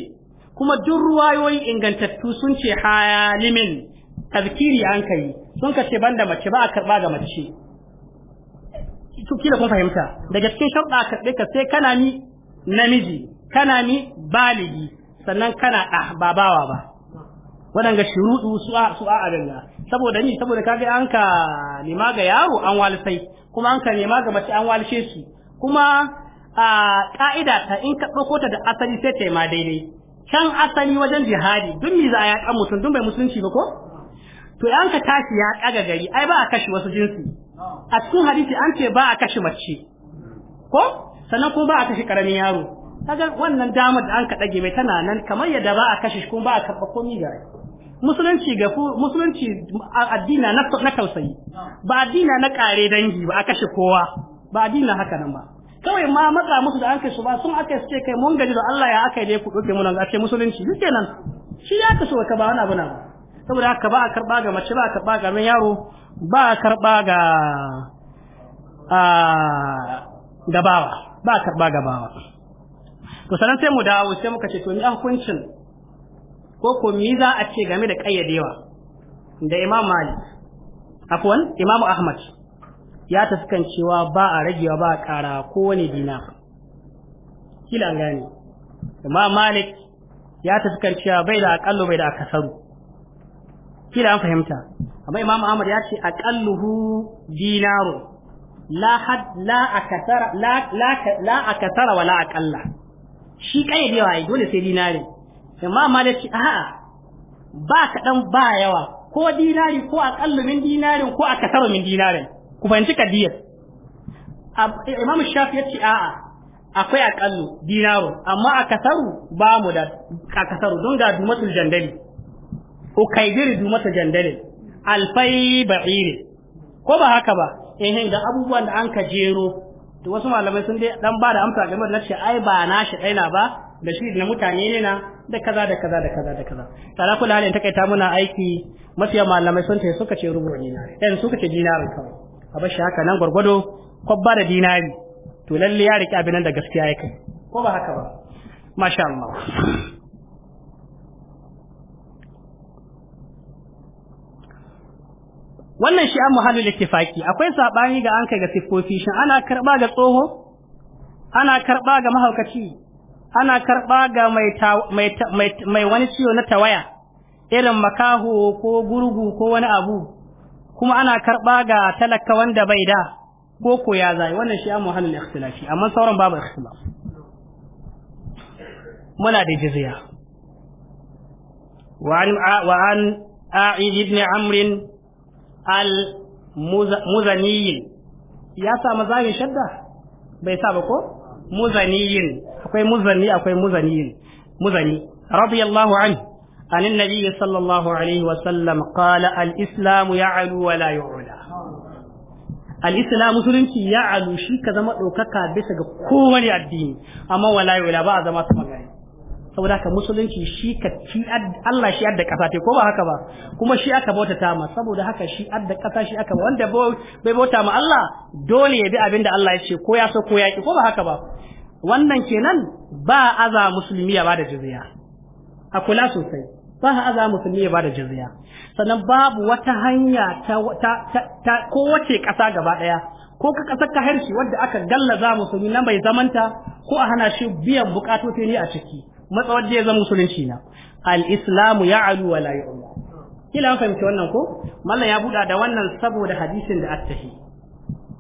kuma duk ruwayoyi ingantattu sun ce halimin tazkiri an kai sun ka ce banda mace ba a karba ga mace kila kun fahimta daga cikin sharɗa a karɓe ka sai kana ni namiji kana ni baligi sannan kana ɗa ba bawa ba waɗanga shuruɗu su a su a adalla saboda ni saboda ga an ka nema ga yaro an walisai kuma an ka nema ga mace an walishe su kuma a ka'ida ta in ka ɗauko ta da asali sai ta ma daidai can asali wajen jihadi duk mi za a yaƙan mutum duk bai musulunci ba ko to an ka tashi ya ɗaga gari ai ba a kashe wasu jinsi a cikin hadisi an ce ba a kashe mace ko sannan kuma ba a kashe karamin yaro kaga wannan damar da an ka ɗage mai tana nan kamar yadda ba a kashe kuma ba a karɓa komai ga musulunci ga musulunci addina na tausayi ba addina na ƙare dangi ba a kashe kowa ba addina haka nan ba kawai ma matsa musu da an kai su ba sun aka ce kai mun gani da Allah ya aka yi da ku doke mun a ce musulunci duk kenan shi ya ka so ka ba wani abu nan ba saboda haka ba a karba ga mace ba a karba ga yaro ba a karba ga a gabawa ba a karba gabawa to sanan sai mu dawo sai muka ce to ni a hukuncin ko ko mi za a ce game da kayyadewa da Imam Malik afwan Imam Ahmad ya tafkancewa cewa ba a ragewa ba a kara kowane dina kila gani Imam Malik ya tafkancewa cewa bai da akallo bai da akasaru kila an fahimta amma imam ahmad ya ce aqalluhu dinaru la had la akasara la la la akasara wala aqalla shi kai da yawa dole sai dinari amma malaki a a'a ba kadan ba yawa ko dinari ko aqallu min dinarin ko akasara min dinarin ku fahimci kadiyar imam shafi ya ce a'a akwai aqallu dinaru amma akasaru ba mu da akasaru don ga dumatul jandali ukaidir du mata jandare alfai ba'ir ko ba haka ba eh da abubuwan da an ka jero to wasu malamai sun dai dan ba da amsa game da shi ai ba na shi daina ba da shi da mutane ne na da kaza da kaza da kaza da kaza tara ta halin takaita muna aiki mafiya malamai sun ce suka ce rubu na dan suka ce dinarin kawai a bashi haka nan gwargwado kwabba da dinari to lalle ya rike abin nan da gaskiya yake ko ba haka ba masha Allah wannan shi an muhallin ittifaki akwai sabani ga an kai ga siffofi shin ana karba ga tsoho ana karba ga mahaukaci ana karba ga mai mai mai wani ciwo na tawaya irin makaho ko gurgu ko wani abu kuma ana karba ga talaka wanda bai da ko ko ya zai wannan shi an muhallin ikhtilafi amma sauran babu ikhtilaf muna da jizya wa wa an a'id al-muzaniyin ya samu zagin shadda bai sa ba ko muzaniyin akwai muzani akwai muzaniyin muzani radiyallahu anhu an nabi sallallahu alaihi wa sallam qala al-islam ya'lu wa la yu'la al-islam musulunci ya'lu shi ka zama daukaka bisa ga kowani addini amma wala yu'la ba a zama tsamagari saboda haka musulunci shi ka ci Allah shi adda kasa te ko ba haka ba kuma shi aka bauta ta ma saboda haka shi adda kasa shi aka wanda bai bauta ma Allah dole ya bi abinda Allah ya ce ko ya so ko ya ki ko ba haka ba wannan kenan ba aza musulmi ya bada jizya a kula sosai ba aza musulmi ya bada jizya sannan babu wata hanya ta ta wace kasa gaba daya ko ka kasar ka harshe wadda aka gallaza musulmi na bai zamanta ko a hana shi biyan bukatoci ne a ciki matsawar da ya zama musulunci na al'islamu ya alu wa layi Allah kila an fahimci wannan ko mallan ya buɗa da wannan saboda hadisin da attahi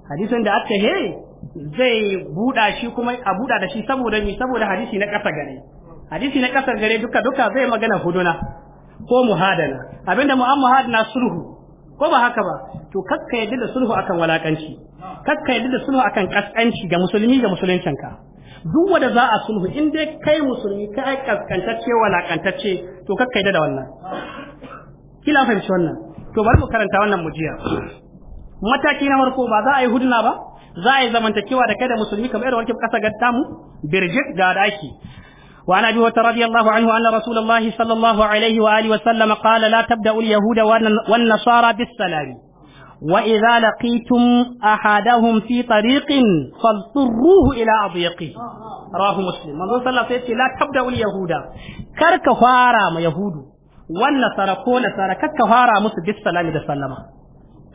hadisin da attahi zai buɗa shi kuma a buɗa da shi saboda mi saboda hadisi na ƙasa gare hadisi na ƙasa gare duka duka zai magana huduna ko muhadana abinda mu'am muhadana sulhu ko ba haka ba to kakka yadda da sulhu akan walakanci kakka yadda da sulhu akan kaskanci ga musulmi ga musuluncinka duk wanda za a sulhu in dai kai musulmi ka ai kaskantacce walakantacce to kakkai da wannan kila fahimci wannan to bari mu karanta wannan mujiya mataki na farko ba za a yi huduna ba za a yi zamantakewa da kai da musulmi kamar irin wanke kasa gadda mu birjik ga daki وعن ابي هريره رضي الله عنه ان رسول الله صلى الله عليه واله وسلم قال لا تبدا اليهود والنصارى بالسلام وإذا لقيتم أحدهم في طريق فاضطروه إلى أضيقه رواه مسلم من صلى الله عليه وسلم لا تبدأ اليهود كرك فارا يهود والنصارى كون نصارى كك فارا مس بالسلام ده سلام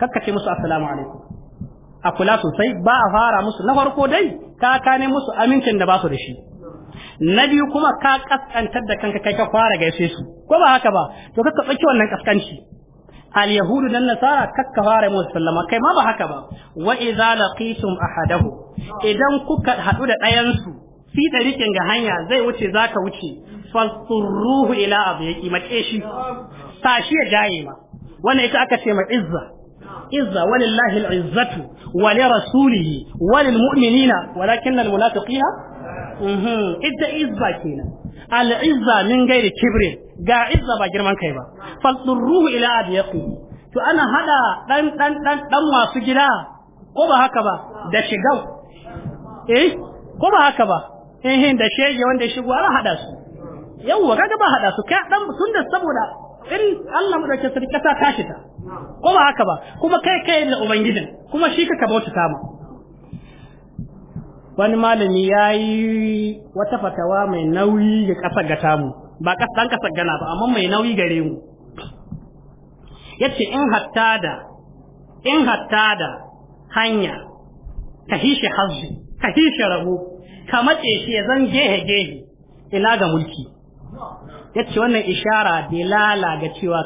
كك تي مس السلام عليكم أقول سي با فارا مس نفرقو دي كا كان مس أمينتين ده باسو دشي نبي كما كا كسكانتر da kanka kai ka fara gaishe su ko ba haka ba to kaka tsaki wannan kaskanci al dan nasara kakka fara musu kai ma ba haka ba wa ahadahu idan kuka hadu da ɗayan su fi hanya zai wuce zaka wuce fasurruhu ila abiyaki mace shi sashi ya jaye wannan ita aka ce ma izza izza walillahi al-izzatu wa li rasulihi wa lil mu'minina walakinna izza kenan al-izza min gairi kibrin ga izza ba girman kai ba فاضطروه إلى أن to ana hada dan dan dan dan masu gida ko ba haka ba da shigau eh ko ba haka ba eh da shege wanda ya shigo ana hada su yawwa kaga ba hada su kai dan tunda saboda in Allah madaukakin sarki ta shi ta ko ba haka ba kuma kai kai da ubangijin kuma shi ka bauta ta mu wani malami yayi wata fatawa mai nauyi ga kasar ga tamu ba kasan kasar gana ba amma mai nauyi gare mu yace in hatta da in hatta da hanya ka hishe hazzi ka hishe rabu ka mace shi ya zan gehe gehe ina ga mulki yace wannan ishara dilala ga cewa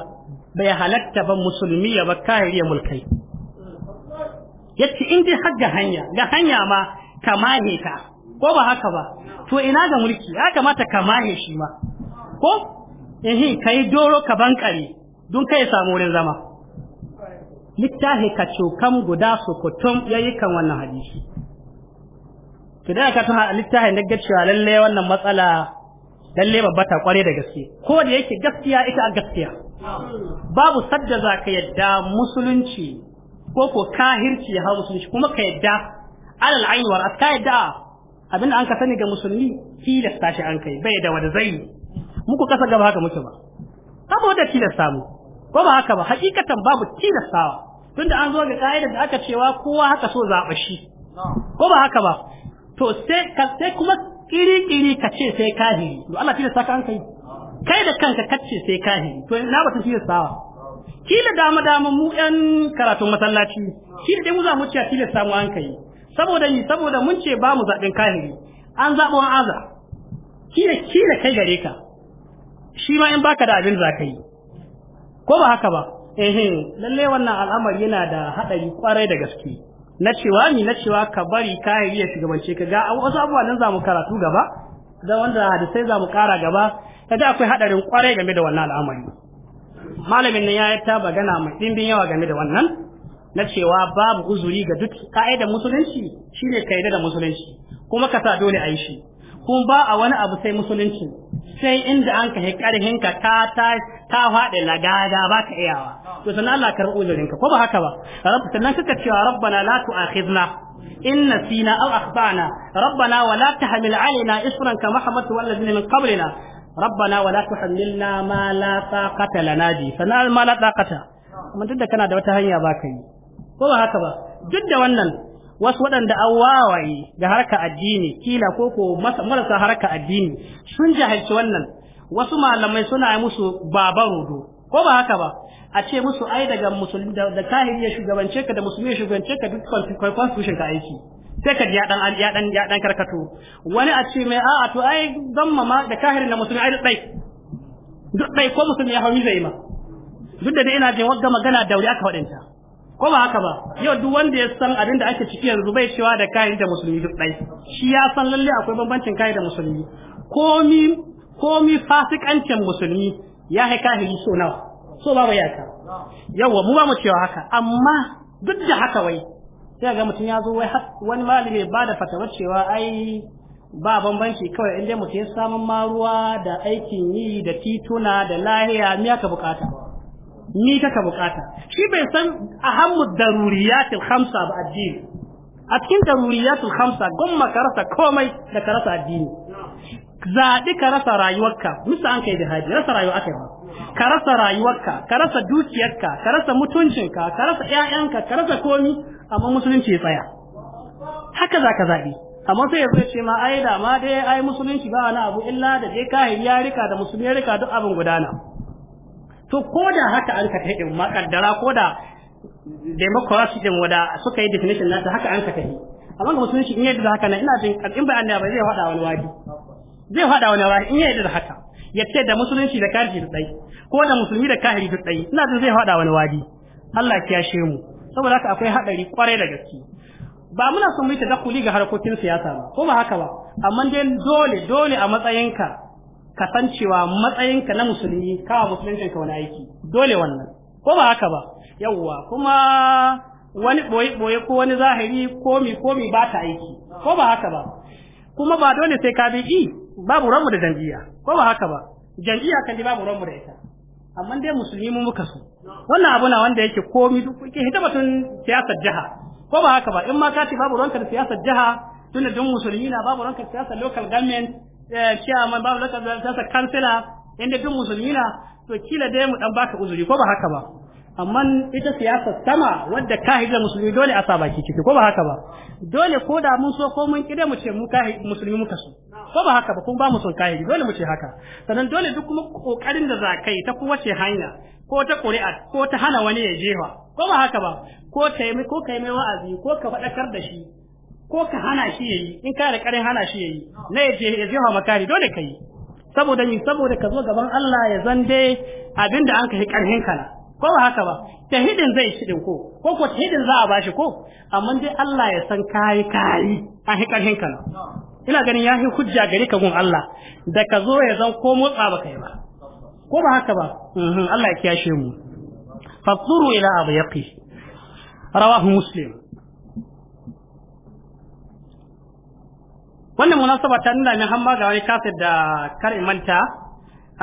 bai halatta ba musulmi ya ba kahiri ya mulkai yace in dai har hanya ga hanya ma kamahe ka ko ba haka ba to ina ga mulki ya kamata kamahe shi ma ko ehin kai doro ka bankare don kai samu wurin zama littafi ka cokan guda su kutum kan wannan hadisi kidan ka tuna littafi na gaciwa cewa lalle wannan matsala lalle babba ta kware da gaske ko da yake gaskiya ita a gaskiya babu sadda za ka yadda musulunci ko ko kahirci ya musulunci kuma ka yadda alal ainihin a ka yadda abin da an ka sani ga musulmi tilasta shi an kai bai da wani zai yi. muku kasa gaba haka muke ba saboda tilasta mu ko ba haka ba hakikatan babu tilastawa tunda an zo ga ka'idar da aka cewa kowa haka so zaɓa shi ko ba haka ba to sai ka sai kuma kiri-kiri ka ce sai kahiri to Allah tilasta ka an kai kai da kanka ka ce sai kahiri to ina ba ta tilastawa kila dama dama mu yan karatun masallaci kila dai mu za mu ce tilasta mu an kai saboda ni saboda mun ce ba mu zaɓin kahiri an zaɓo an aza kila kila kai gare ka shi ma in baka da abin za ka yi ko ba haka ba eh lalle wannan al'amari yana da hadari kwarai da gaske na cewa ni na cewa ka bari kayan iya shugabance ka ga wasu abubuwan nan zamu karatu gaba da wanda hadisai zamu kara gaba kaga akwai hadarin kwarai game da wannan al'amari malamin nan ya ta bagana mai dindin yawa game da wannan na cewa babu uzuri ga duk kaida musulunci shine kaida da musulunci kuma ka sa dole a yi shi kuma ba a wani abu sai musulunci sai inda an ka karhin ka ta ta ta faɗi lagada ba ka iyawa to sannan Allah karɓi uzurin ka ko ba haka ba sannan kaka cewa rabbana la tu'akhidna in nasina aw akhtana rabbana wa la tahmil alaina isran kama hamaltu wal ladina min qablina rabbana wa la tuhammilna ma la taqata lana bi sannan ma la taqata kuma duk da kana da wata hanya ba ka yi ko ba haka ba duk da wannan wasu waɗanda an wawaye ga harka addini kila ko ko marasa harka addini sun jahilci wannan wasu malamai suna yi musu baban rudu ko ba haka ba a ce musu ai daga musulmi da kahiri ya shugabance ka da musulmi ya shugabance ka duk constitution ka aiki sai ka ya dan ya dan ya dan karkato wani a ce mai a'a to ai gamma ma da kahirin da musulmi ai duk dai duk dai ko musulmi ya hawi zai ma duk da dai ina jin wagga magana dauri aka faɗinta ko ba haka ba yau duk wanda ya san abin da ake ciki yanzu bai cewa da kayan da musulmi duk ɗai shi ya san lalle akwai bambancin kayan da musulmi komi komi fasikancin musulmi ya haika hiri so nawa so ba ya Yau yawa mu ba mu cewa haka amma duk da haka wai sai ga mutum ya zo wai wani malami ba da fatawar cewa ai ba bambanci kawai inda mutum ya samun maruwa da aikin yi da tituna da lahiya me aka bukata ni kaka bukata shi bai san ahammu daruriyatil khamsa ba addini a cikin daruriyatil khamsa gwamma ka rasa komai da ka rasa addini zaɓi ka rasa rayuwarka musa an kai da haji rasa rayuwa aka ba ka rasa rayuwarka ka rasa dukiyarka ka rasa mutuncinka ka rasa ƴaƴanka ka rasa komi amma musulunci ya tsaya haka za ka zaɓi amma sai ya zo ce ma ai da ma dai ai musulunci ba wani abu illa da dai kahiri ya rika da musulmi ya rika duk abin gudana to ko da haka an kata tafi makaddara ko da democracy din wada suka yi definition nasa haka an kata tafi amma ga musulunci in yadda haka na ina jin in ba annaba zai faɗa wani wadi zai faɗa wani wadi in yadda haka yace da musulunci da kafiri dai ko da musulmi da kafiri dai ina jin zai faɗa wani wadi Allah ya kiyashe mu saboda haka akwai hadari kwarai da gaske ba muna son mu yi tadakuli ga harkokin siyasa ba ko ba haka ba amma dai dole dole a matsayinka cewa matsayinka na musulmi kawo musulmi ka wani aiki dole wannan ko ba haka ba yawwa kuma wani boye boye ko wani zahiri komi komi ba ta aiki ko ba haka ba kuma ba dole sai ka bi i babu ranmu da jam'iyya ko ba haka ba jam'iyya kan babu ranmu da ita amma dai musulmi mun muka so wannan abu na wanda yake komi duk ita hita batun siyasar jiha ko ba haka ba in ma ka ci babu ranka da siyasar jiha tunda dun musulmi na babu ranka siyasar local government Eh, chairman babu laka sa kansila inda duk musulmi na to kila dai mu dan baka uzuri ko ba haka ba amma ita siyasar sama wadda kahidar musulmi dole a sa baki ciki ko ba haka ba dole ko da mun so ko mun kide mu ce mu kahid musulmi muka so ko ba haka ba kun ba mu son kahidi dole mu ce haka sannan dole duk kuma kokarin da zakai ta ce hanya ko ta ƙuri'a ko ta hana wani ya jefa ko ba haka ba ko ta yi ko kai mai wa'azi ko ka faɗakar da shi ko ka hana shi yayi in ka da karin hana shi yayi na yaje ya jiha makari dole ka yi saboda ni saboda ka zo gaban Allah ya zan dai abinda an kai karhin kana ko ba haka ba tahidin zai shidin ko ko ko tahidin za a bashi ko amma dai Allah ya san kai kai a hi karhin kana ina ganin ya hujja gari ka gun Allah da ka zo ya zan ko motsa ba kai ba ko ba haka ba mhm, Allah ya kiyashe mu faduru ila abyaqi rawahu muslim wannan munasaba ta nuna min hamma ga wani da kar manta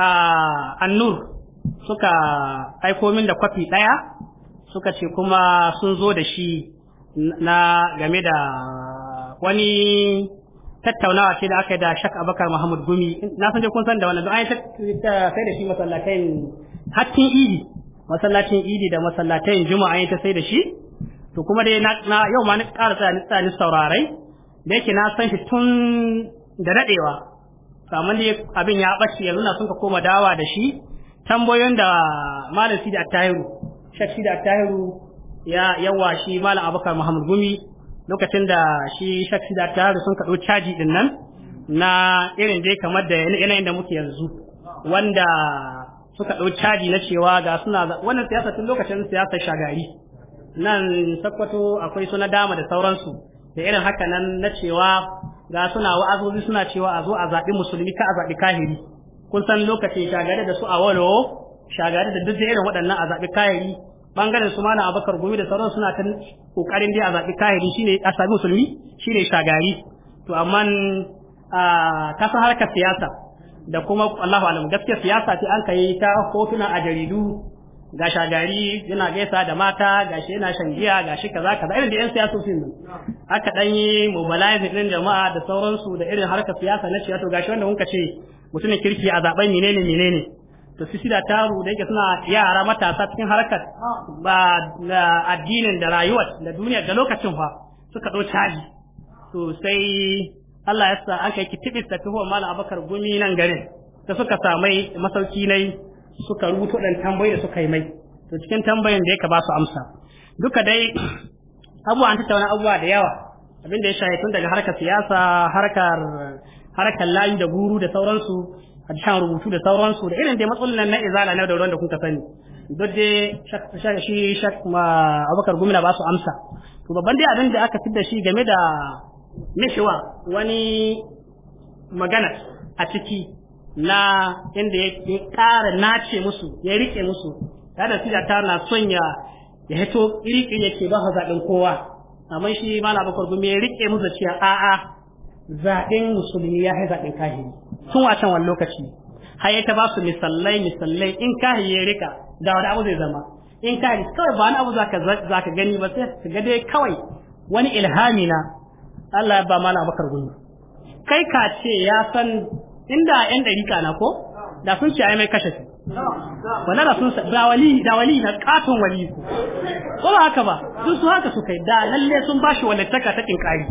a annur suka aiko min da kwafi ɗaya suka ce kuma sun zo da shi na game da wani tattaunawa ce da aka yi da shak abakar muhammad gumi na san kun san da wannan don an yi sai da shi masallatai hatin idi masallacin idi da masallatai juma'a an yi ta sai da shi to kuma dai na yau ma ni ƙara ni saurarai da yake na san shi tun da daɗewa kamar da abin ya ɓace yanzu na sun ka koma dawa da shi tambayoyin da malam sidi attahiru shek sidi attahiru ya yawa shi malam abubakar muhammad gumi lokacin da shi shek sidi attahiru sun ka caji din nan na irin dai kamar da yanayin da muke yanzu wanda suka ɗau caji na cewa ga suna wannan siyasa tun lokacin siyasar shagari nan sakwato akwai suna dama da sauransu da irin haka nan na cewa ga suna wa'azozi suna cewa a zo a zaɓi musulmi ka a zaɓi kahiri kun san lokacin shagari da su a walo shagari da duk irin waɗannan a zaɓi kahiri bangaren su mana abakar gumi da sauran suna ta ƙoƙarin dai a zaɓi kahiri shine a sami musulmi shine shagari to amma a kasa harkar siyasa da kuma Allahu alam gaskiya siyasa ce an kai ta hotuna a jaridu ga shagari yana gaisa da mata gashi yana shan giya gashi kaza kaza irin da yan siyasosin nan aka dan yi mobilizing din jama'a da sauransu da irin harkar siyasa na Ga gashi wanda muka ce mutumin kirki a zaben menene menene to su shida taro da yake suna yara matasa cikin harkar ba da addinin da rayuwar da duniya da lokacin fa suka ɗau caji to sai Allah ya sa aka yi kitibis da tuhuwa mala abakar gumi nan garin da suka samai masauki nai suka rubuta dan tambayi da suka yi mai to cikin tambayan da yake ba su amsa duka dai abubuwa an tattauna abubuwa da yawa abinda ya shahi tun daga harkar siyasa harkar harkar layu da guru da sauransu a cikin rubutu da sauransu da irin dai matsalolin na izala na da ruwan da kuka sani duk dai shi shak ma abubakar gumina ba su amsa to babban dai abin da aka fi da shi game da mishiwa wani magana a ciki na inda ya ƙara nace musu ya rike musu kada su ta na son ya ya hito rike yake ba zaɗin kowa amma shi malam bakwar gumi ya rike musu cewa a'a zaɓen musulmi ya hai zaɓen kahiri tun a can wani lokaci har ya ta ba su misallai misallai in kahiri ya rika da wani abu zai zama in kahiri kawai ba wani abu za ka gani ba sai su ga dai kawai wani ilhami na Allah ya ba malam bakwar gumi kai ka ce ya san inda yan ɗarika na ko da sun ci ai mai kashe su wannan da sun da wali da wali na katon wali ko ko ba haka ba duk su haka su kai da lalle sun bashi taka ta ƙinƙari.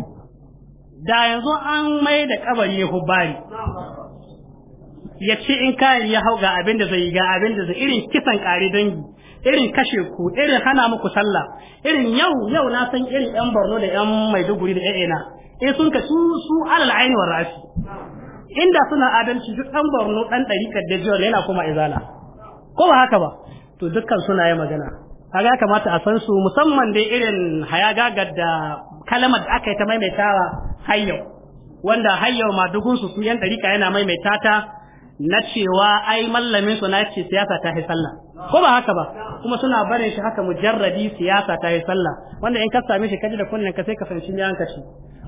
da yanzu an mai da kabari ya hubari ya ce in kayan ya hau ga abin da zai ga abin da zai irin kisan kare dangi irin kashe ku irin hana muku sallah irin yau yau na san irin yan Borno da yan Maiduguri da yan eh sun ka su su alal aini rafi inda suna adalci duk ɗan borno ɗan ɗarikar da jiwon yana kuma izala ko ba haka ba to dukkan suna yi magana kaga kamata a san su musamman dai irin hayagagar da kalamar da aka yi ta maimaitawa hayyau wanda hayyau ma dugunsu su yan ɗarika yana maimaita ta na cewa ai mallamin su na ce siyasa ta yi sallah ko ba haka ba kuma suna barin shi haka mujarradi siyasa ta yi sallah wanda in ka same shi kaji da kunnen ka sai ka fahimci me shi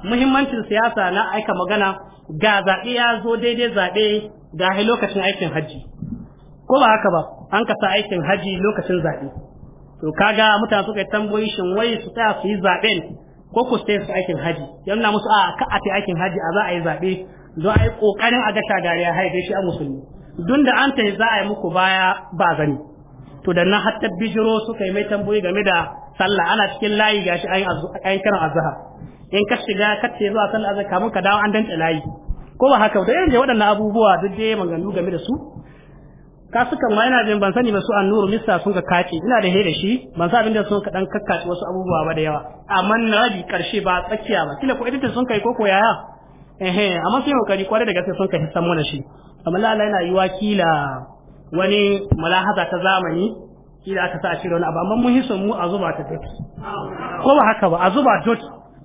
muhimmancin siyasa na aika magana ga zaɓe ya zo daidai zaɓe ga lokacin aikin hajji ko ba haka ba an kasa aikin hajji lokacin zaɓe to kaga mutane suka yi tambayoyi shin wai su tsaya su yi zaɓen ko ku sai su aikin hajji yana musu a ka a aikin hajji a za a yi zaɓe don a yi ƙoƙarin a gasha gari ya haife shi a musulmi don da an ta za a yi muku baya ba zani to da na hatta bijiro suka yi mai tambayi game da sallah ana cikin layi gashi an kiran azhar in ka shiga ka ce zuwa sallah azhar kamun ka dawo an danta layi ko ba haka da irin waɗannan abubuwa duk dai maganganu game da su ka suka ma yana jin ban sani ba su annuru mista sun ka kace ina da da shi ban sa abin da sun ka dan kakkace wasu abubuwa ba da yawa amma na rabi karshe ba tsakiya ba kila ko ita sun kai koko yaya eh amma sai kokari kwarai da gaske sun ka hissan mana shi amma lalla yana yi wakila wani mulahaza ta zamani kila aka sa a cire wani abu amma mun hisan mu a zuba ta dot ko ba haka ba a zuba dot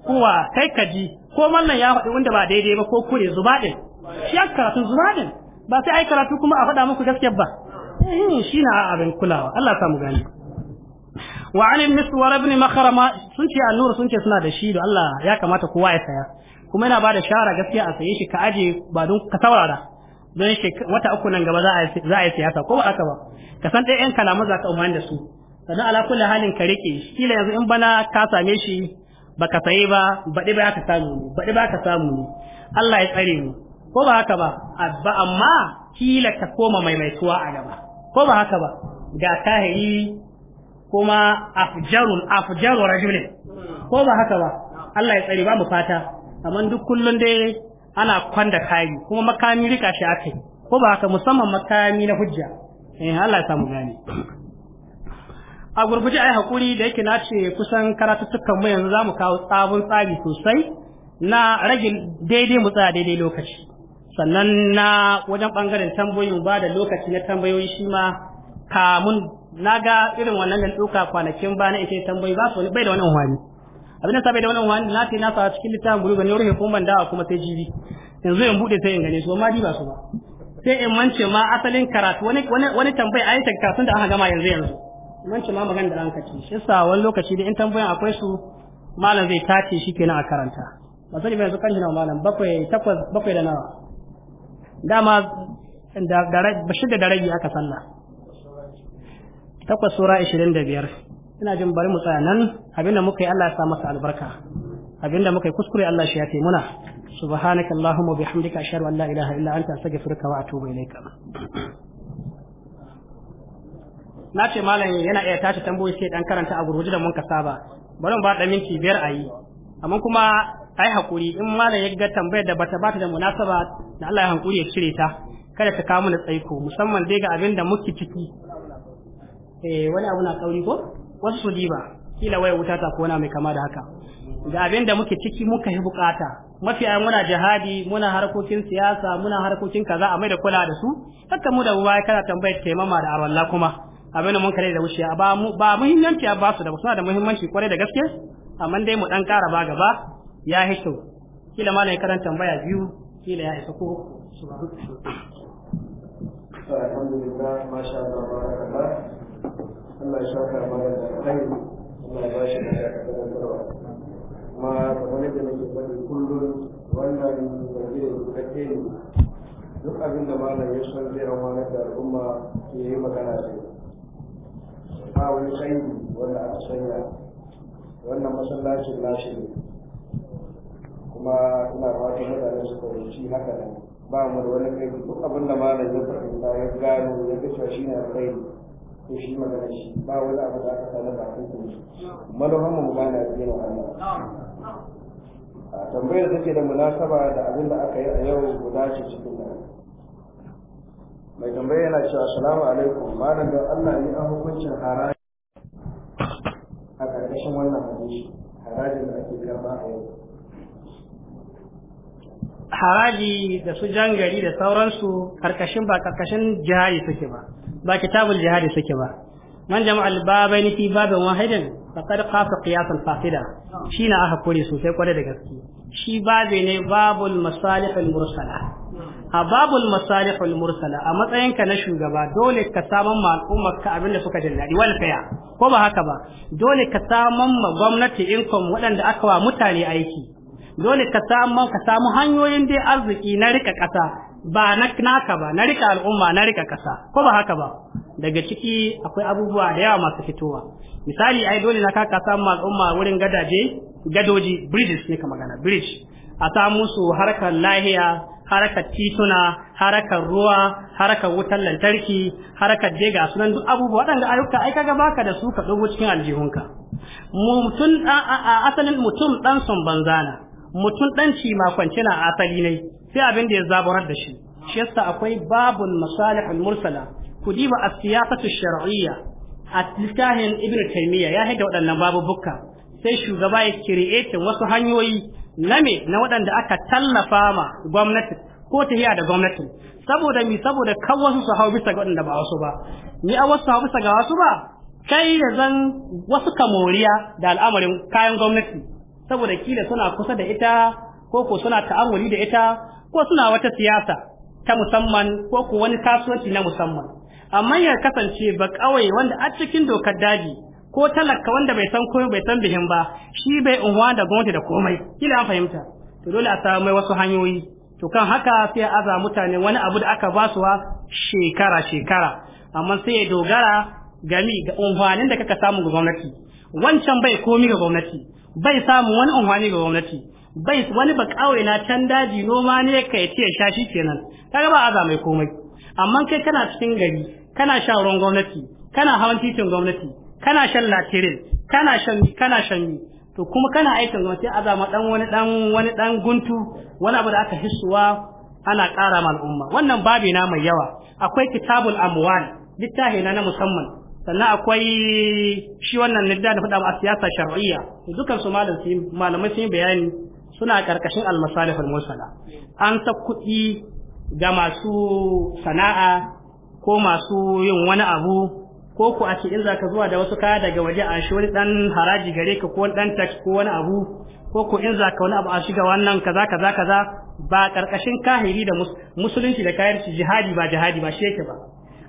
kowa kai ka ji ko wannan ya faɗi wanda ba daidai ba ko kure zuba din shi ya karatu zuba din ba sai ai karatu kuma a faɗa muku gaskiya ba eh shi na abin kulawa Allah ya samu gani wa an miswar ibn makhrama sun ce annur sun ce suna da shi da Allah ya kamata kowa ya saya kuma yana bada shara gaskiya a saye shi ka aje ba don ka saurara don shi wata uku nan gaba za a yi siyasa ko ba aka ba ka san ɗaya kalamu za ka umarni da su sannan ala kulli halin ka rike kila yanzu in bana ka same shi baka saye ba baɗi ba ka samu ne baɗi ba ka samu ne Allah ya tsare mu ko ba haka ba ba amma kila ka koma maimaituwa a gaba ko ba haka ba ga kahiri kuma afjarul afjarul rajulin ko ba haka ba Allah ya tsare ba mu fata amma duk kullun dai ana kwanda kayi kuma makami rika shi akai ko ba haka musamman makami na hujja eh Allah ya samu gani a gurguje ai hakuri da yake na ce kusan karatuttukan mu yanzu zamu kawo tsabun tsari sosai na rage daidai mu tsaya daidai lokaci sannan na wajen bangaren tambayoyin ba da lokaci na tambayoyi shi ma kamun na ga irin wannan da tsuka kwanakin ba na ita tambayi ba su bai da wani wani abin sabai da wannan wani na ce na sa cikin littafin bulu gani rufe kuma da kuma sai jibi yanzu in bude sai in gane su amma ba su ba sai in mance ma asalin karatu wani wani tambaya ayi ta karatun da aka gama yanzu yanzu mance ma magana da ranka ce shi sa wani lokaci da in tambayan akwai su malam zai tace shi kenan a karanta ba sani yanzu kan jina malam bakwai takwas bakwai da nawa dama da da shi da rabi aka sallah takwas sura 25 ina jin bari mu tsaya nan abinda muka yi Allah ya sa masa albarka abinda muka yi kuskure Allah shi ya ce muna subhanaka allahumma bihamdika ashhadu an la ilaha illa anta astaghfiruka wa atubu ilayka na ce malam yana iya tashi tambayoyi sai dan karanta a gurguje da mun ka saba bari mu ba da minti biyar a yi, amma kuma ai hakuri in malam ya ga tambayar da bata bata da munasaba da Allah ya hankuri ya cire ta kada ta kawo mana tsaiko musamman dai ga abin da muke ciki eh wani abu na kauri ko wasu diba kila waya wuta ta kona mai kama da haka ga abin da muke ciki muka yi bukata mafi ayan muna jihadi muna harkokin siyasa muna harkokin kaza a mai da kula da su haka mu da baya kana tambayar taimama da arwalla kuma abin da mun kare da wuce ba ba muhimmanci a ba su da suna da muhimmanci kwarai da gaske amma dai mu dan kara ba gaba ya hito kila ma ya karanta tambaya biyu kila ya isa ko su alhamdulillah masha Allah barakallahu Allah ya shaka mana da kai Allah ya bashi da karantarwa kuma kamar da nake faɗi kullum wannan zage kake ne duk abin da malam ya san zai amana da al'umma ke yi magana ce ba wani sanyi wanda aka sanya wannan masallacin nashi ne kuma ina fatan mutane su fahimci haka nan ba mu da wani kai duk abin da malam ya fahimta ya gano ya kashe shi ne alkhairi to shi magana shi ba wani abu da aka sanar da hukun kuma manufan mu gane addinin Allah a tambayar take da munasaba da abin da aka yi a yau guda ce cikin nan mai tambaya yana cewa assalamu alaikum malam da Allah ne an hukuncin haraji a ƙarƙashin wannan hadisi harajin da ake karba a yau haraji da su jangari da sauransu karkashin ba karkashin jari suke ba ba kitabul jihadi suke ba man jama'al babain fi babin wahidin faqad qafa qiyasan fasida shi na aka kore sosai kwarai da gaske shi babe ne babul masalihul mursala a babul masalihul mursala a matsayinka na shugaba dole ka saman ma al'ummar ka abin da suka jin daɗi wal ko ba haka ba dole ka saman ma gwamnati inkom waɗanda aka wa mutane aiki dole ka saman ka samu hanyoyin dai arziki na rika ƙasa ba na naka ba na rika al'umma na rika kasa ko ba haka ba daga ciki akwai abubuwa da yawa masu fitowa misali ai dole na kaka samu al'umma wurin gadaje gadoji bridges ne ka magana bridge a samu su harkar lahiya harkar tituna harkar ruwa harkar wutar lantarki harkar dega sunan duk abubuwa ga ayyuka ai kaga baka da su ka dogo cikin aljihunka mutum a asalin mutum dan son banzana mutum dan ci makwance na asali ne sai abin da ya zaburar da shi shi yasa akwai babul masalihul mursala ku diba as-siyasatu shar'iyya a littafin ibnu taymiya ya haida waɗannan bukka sai shugaba ya create wasu hanyoyi na me na waɗanda aka tallafa ma gwamnati ko ta da gwamnati saboda mi saboda kan wasu su hau bisa ga waɗanda ba wasu ba ni a wasu hau bisa ga wasu ba kai da zan wasu kamoriya da al'amarin kayan gwamnati saboda kila suna kusa da ita ko ko suna ta'awuli da ita ko suna wata siyasa ta musamman ko ko wani kasuwanci na musamman amma ya kasance ba kawai wanda a cikin dokar daji ko talaka wanda bai san komai bai san bihin ba shi bai unwa da gwamnati da komai kila an fahimta to dole a samu mai wasu hanyoyi to kan haka sai a aza mutane wani abu da aka ba su shekara shekara amma sai ya dogara gami ga unwanin da kaka samu ga gwamnati wancan bai komi ga gwamnati bai samu wani unwani ga gwamnati bai wani ba kawai na can daji noma ne ka yace ya shashi kenan kaga ba azama mai komai amma kai kana cikin gari kana sha gwamnati kana hawan titin gwamnati kana shan latirin kana shan kana shan to kuma kana aikin gwamnati aza dan wani dan wani dan guntu wani abu da aka hissuwa ana ƙara ma al'umma wannan babi na mai yawa akwai kitabul amwal littafi na na musamman sannan akwai shi wannan nidda da faɗa a siyasa shar'iyya dukan su malamai sun yi bayani suna karkashin almasalihul mursala an ta kuɗi ga masu sana'a ko masu yin wani abu ko ku a ce in za ka zuwa da wasu kaya daga waje a shi wani dan haraji gare ka ko dan tax ko wani abu ko ku in za ka wani abu a shiga wannan kaza kaza kaza ba karkashin kahiri da musulunci da kayarci jihadi ba jihadi ba shi yake ba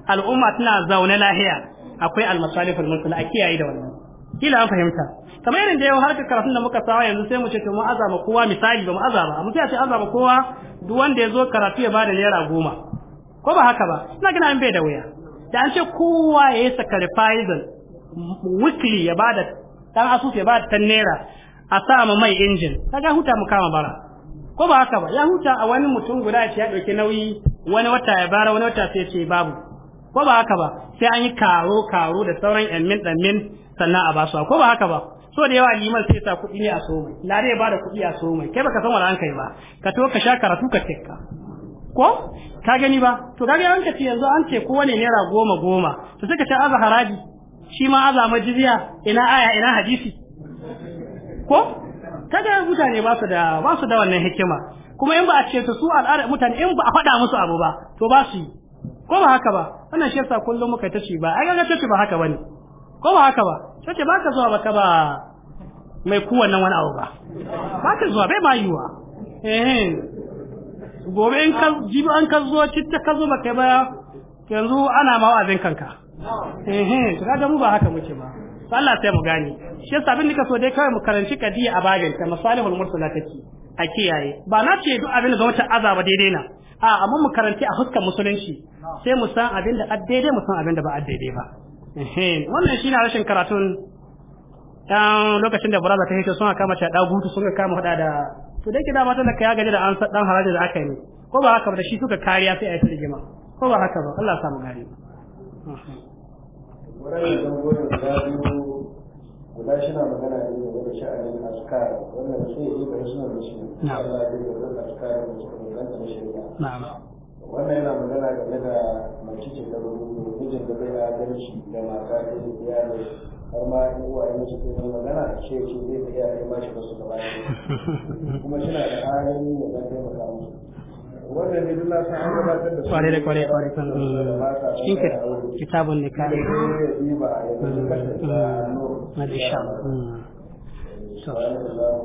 al'umma tana zaune lahiya akwai almasalihul mursala a kiyaye da wannan kila an fahimta kamar irin da yau harkar karatun da muka sawa yanzu sai mu ce to mu azaba kowa misali ba mu azaba mu sai a ce azaba kowa duk wanda ya zo karatu ya bada naira goma ko ba haka ba ina gina an bai da wuya da an ce kowa ya yi sacrifice weekly ya bada dan asus ya bada tan naira a sa ma mai injin kaga huta mu kama bara ko ba haka ba ya huta a wani mutum guda ya dauki nauyi wani wata ya bara wani wata sai ce babu ko ba haka ba sai an yi karo karo da sauran ɗanmin min. sannan a basu ko ba haka ba so da yawa liman sai sa kuɗi ne a so mai lare ba da kuɗi a so mai kai baka san wani hankali ba ka to ka sha karatu ka tikka ko ka gani ba to kaga an ka ce yanzu an ce kowane naira goma goma to sai ka ce aza haraji shi ma aza majiziya ina aya ina hadisi ko ga mutane ba su da ba su da wannan hikima kuma in ba a ce su al'ada mutane in ba a faɗa musu abu ba to ba su yi ko ba haka ba wannan shi yasa kullum muka tace ba ai ga tace ba haka bane ko ba haka ba sai ba ka zuwa ba ka ba mai kuwan nan wani abu ba ba ka zuwa bai ma yiwa eh gobe in ka ji an ka zo citta ka zo ba kai ba yanzu ana ma wa'azin kanka eh eh kaga mu ba haka muke ba Allah sai mu gane shi yasa abin nika so dai kawai mu karanci kadiya a bagin ta masalihul mursala take a kiyaye ba na ce duk abin da gwamnati azaba daidai na a amma mu karanci a huskar musulunci sai mu san abin da daidai mu san abin da ba daidai ba wannan shi na rashin karatun dan lokacin da buraza ta hito suna kama ta dagutu sun kama hada da to dai kida mata da kai gaji da an dan haraji da aka yi ko ba haka ba da shi suka kariya sai a yi rigima ko ba haka ba Allah ya samu gari wannan zangoyin guda biyu guda shi na magana ne game da sha'anin askar wannan sai yi bai suna da shi na Allah ya yi da askar da shi na wannan yana magana game da mace ce da mijin da bai shi da mata da iyali har ma in uwaye mace ce da magana ce ce zai ta ba shi wasu gaba kuma shi da halin ya dan taimaka musu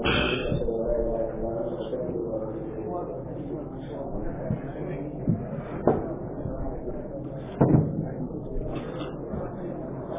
wannan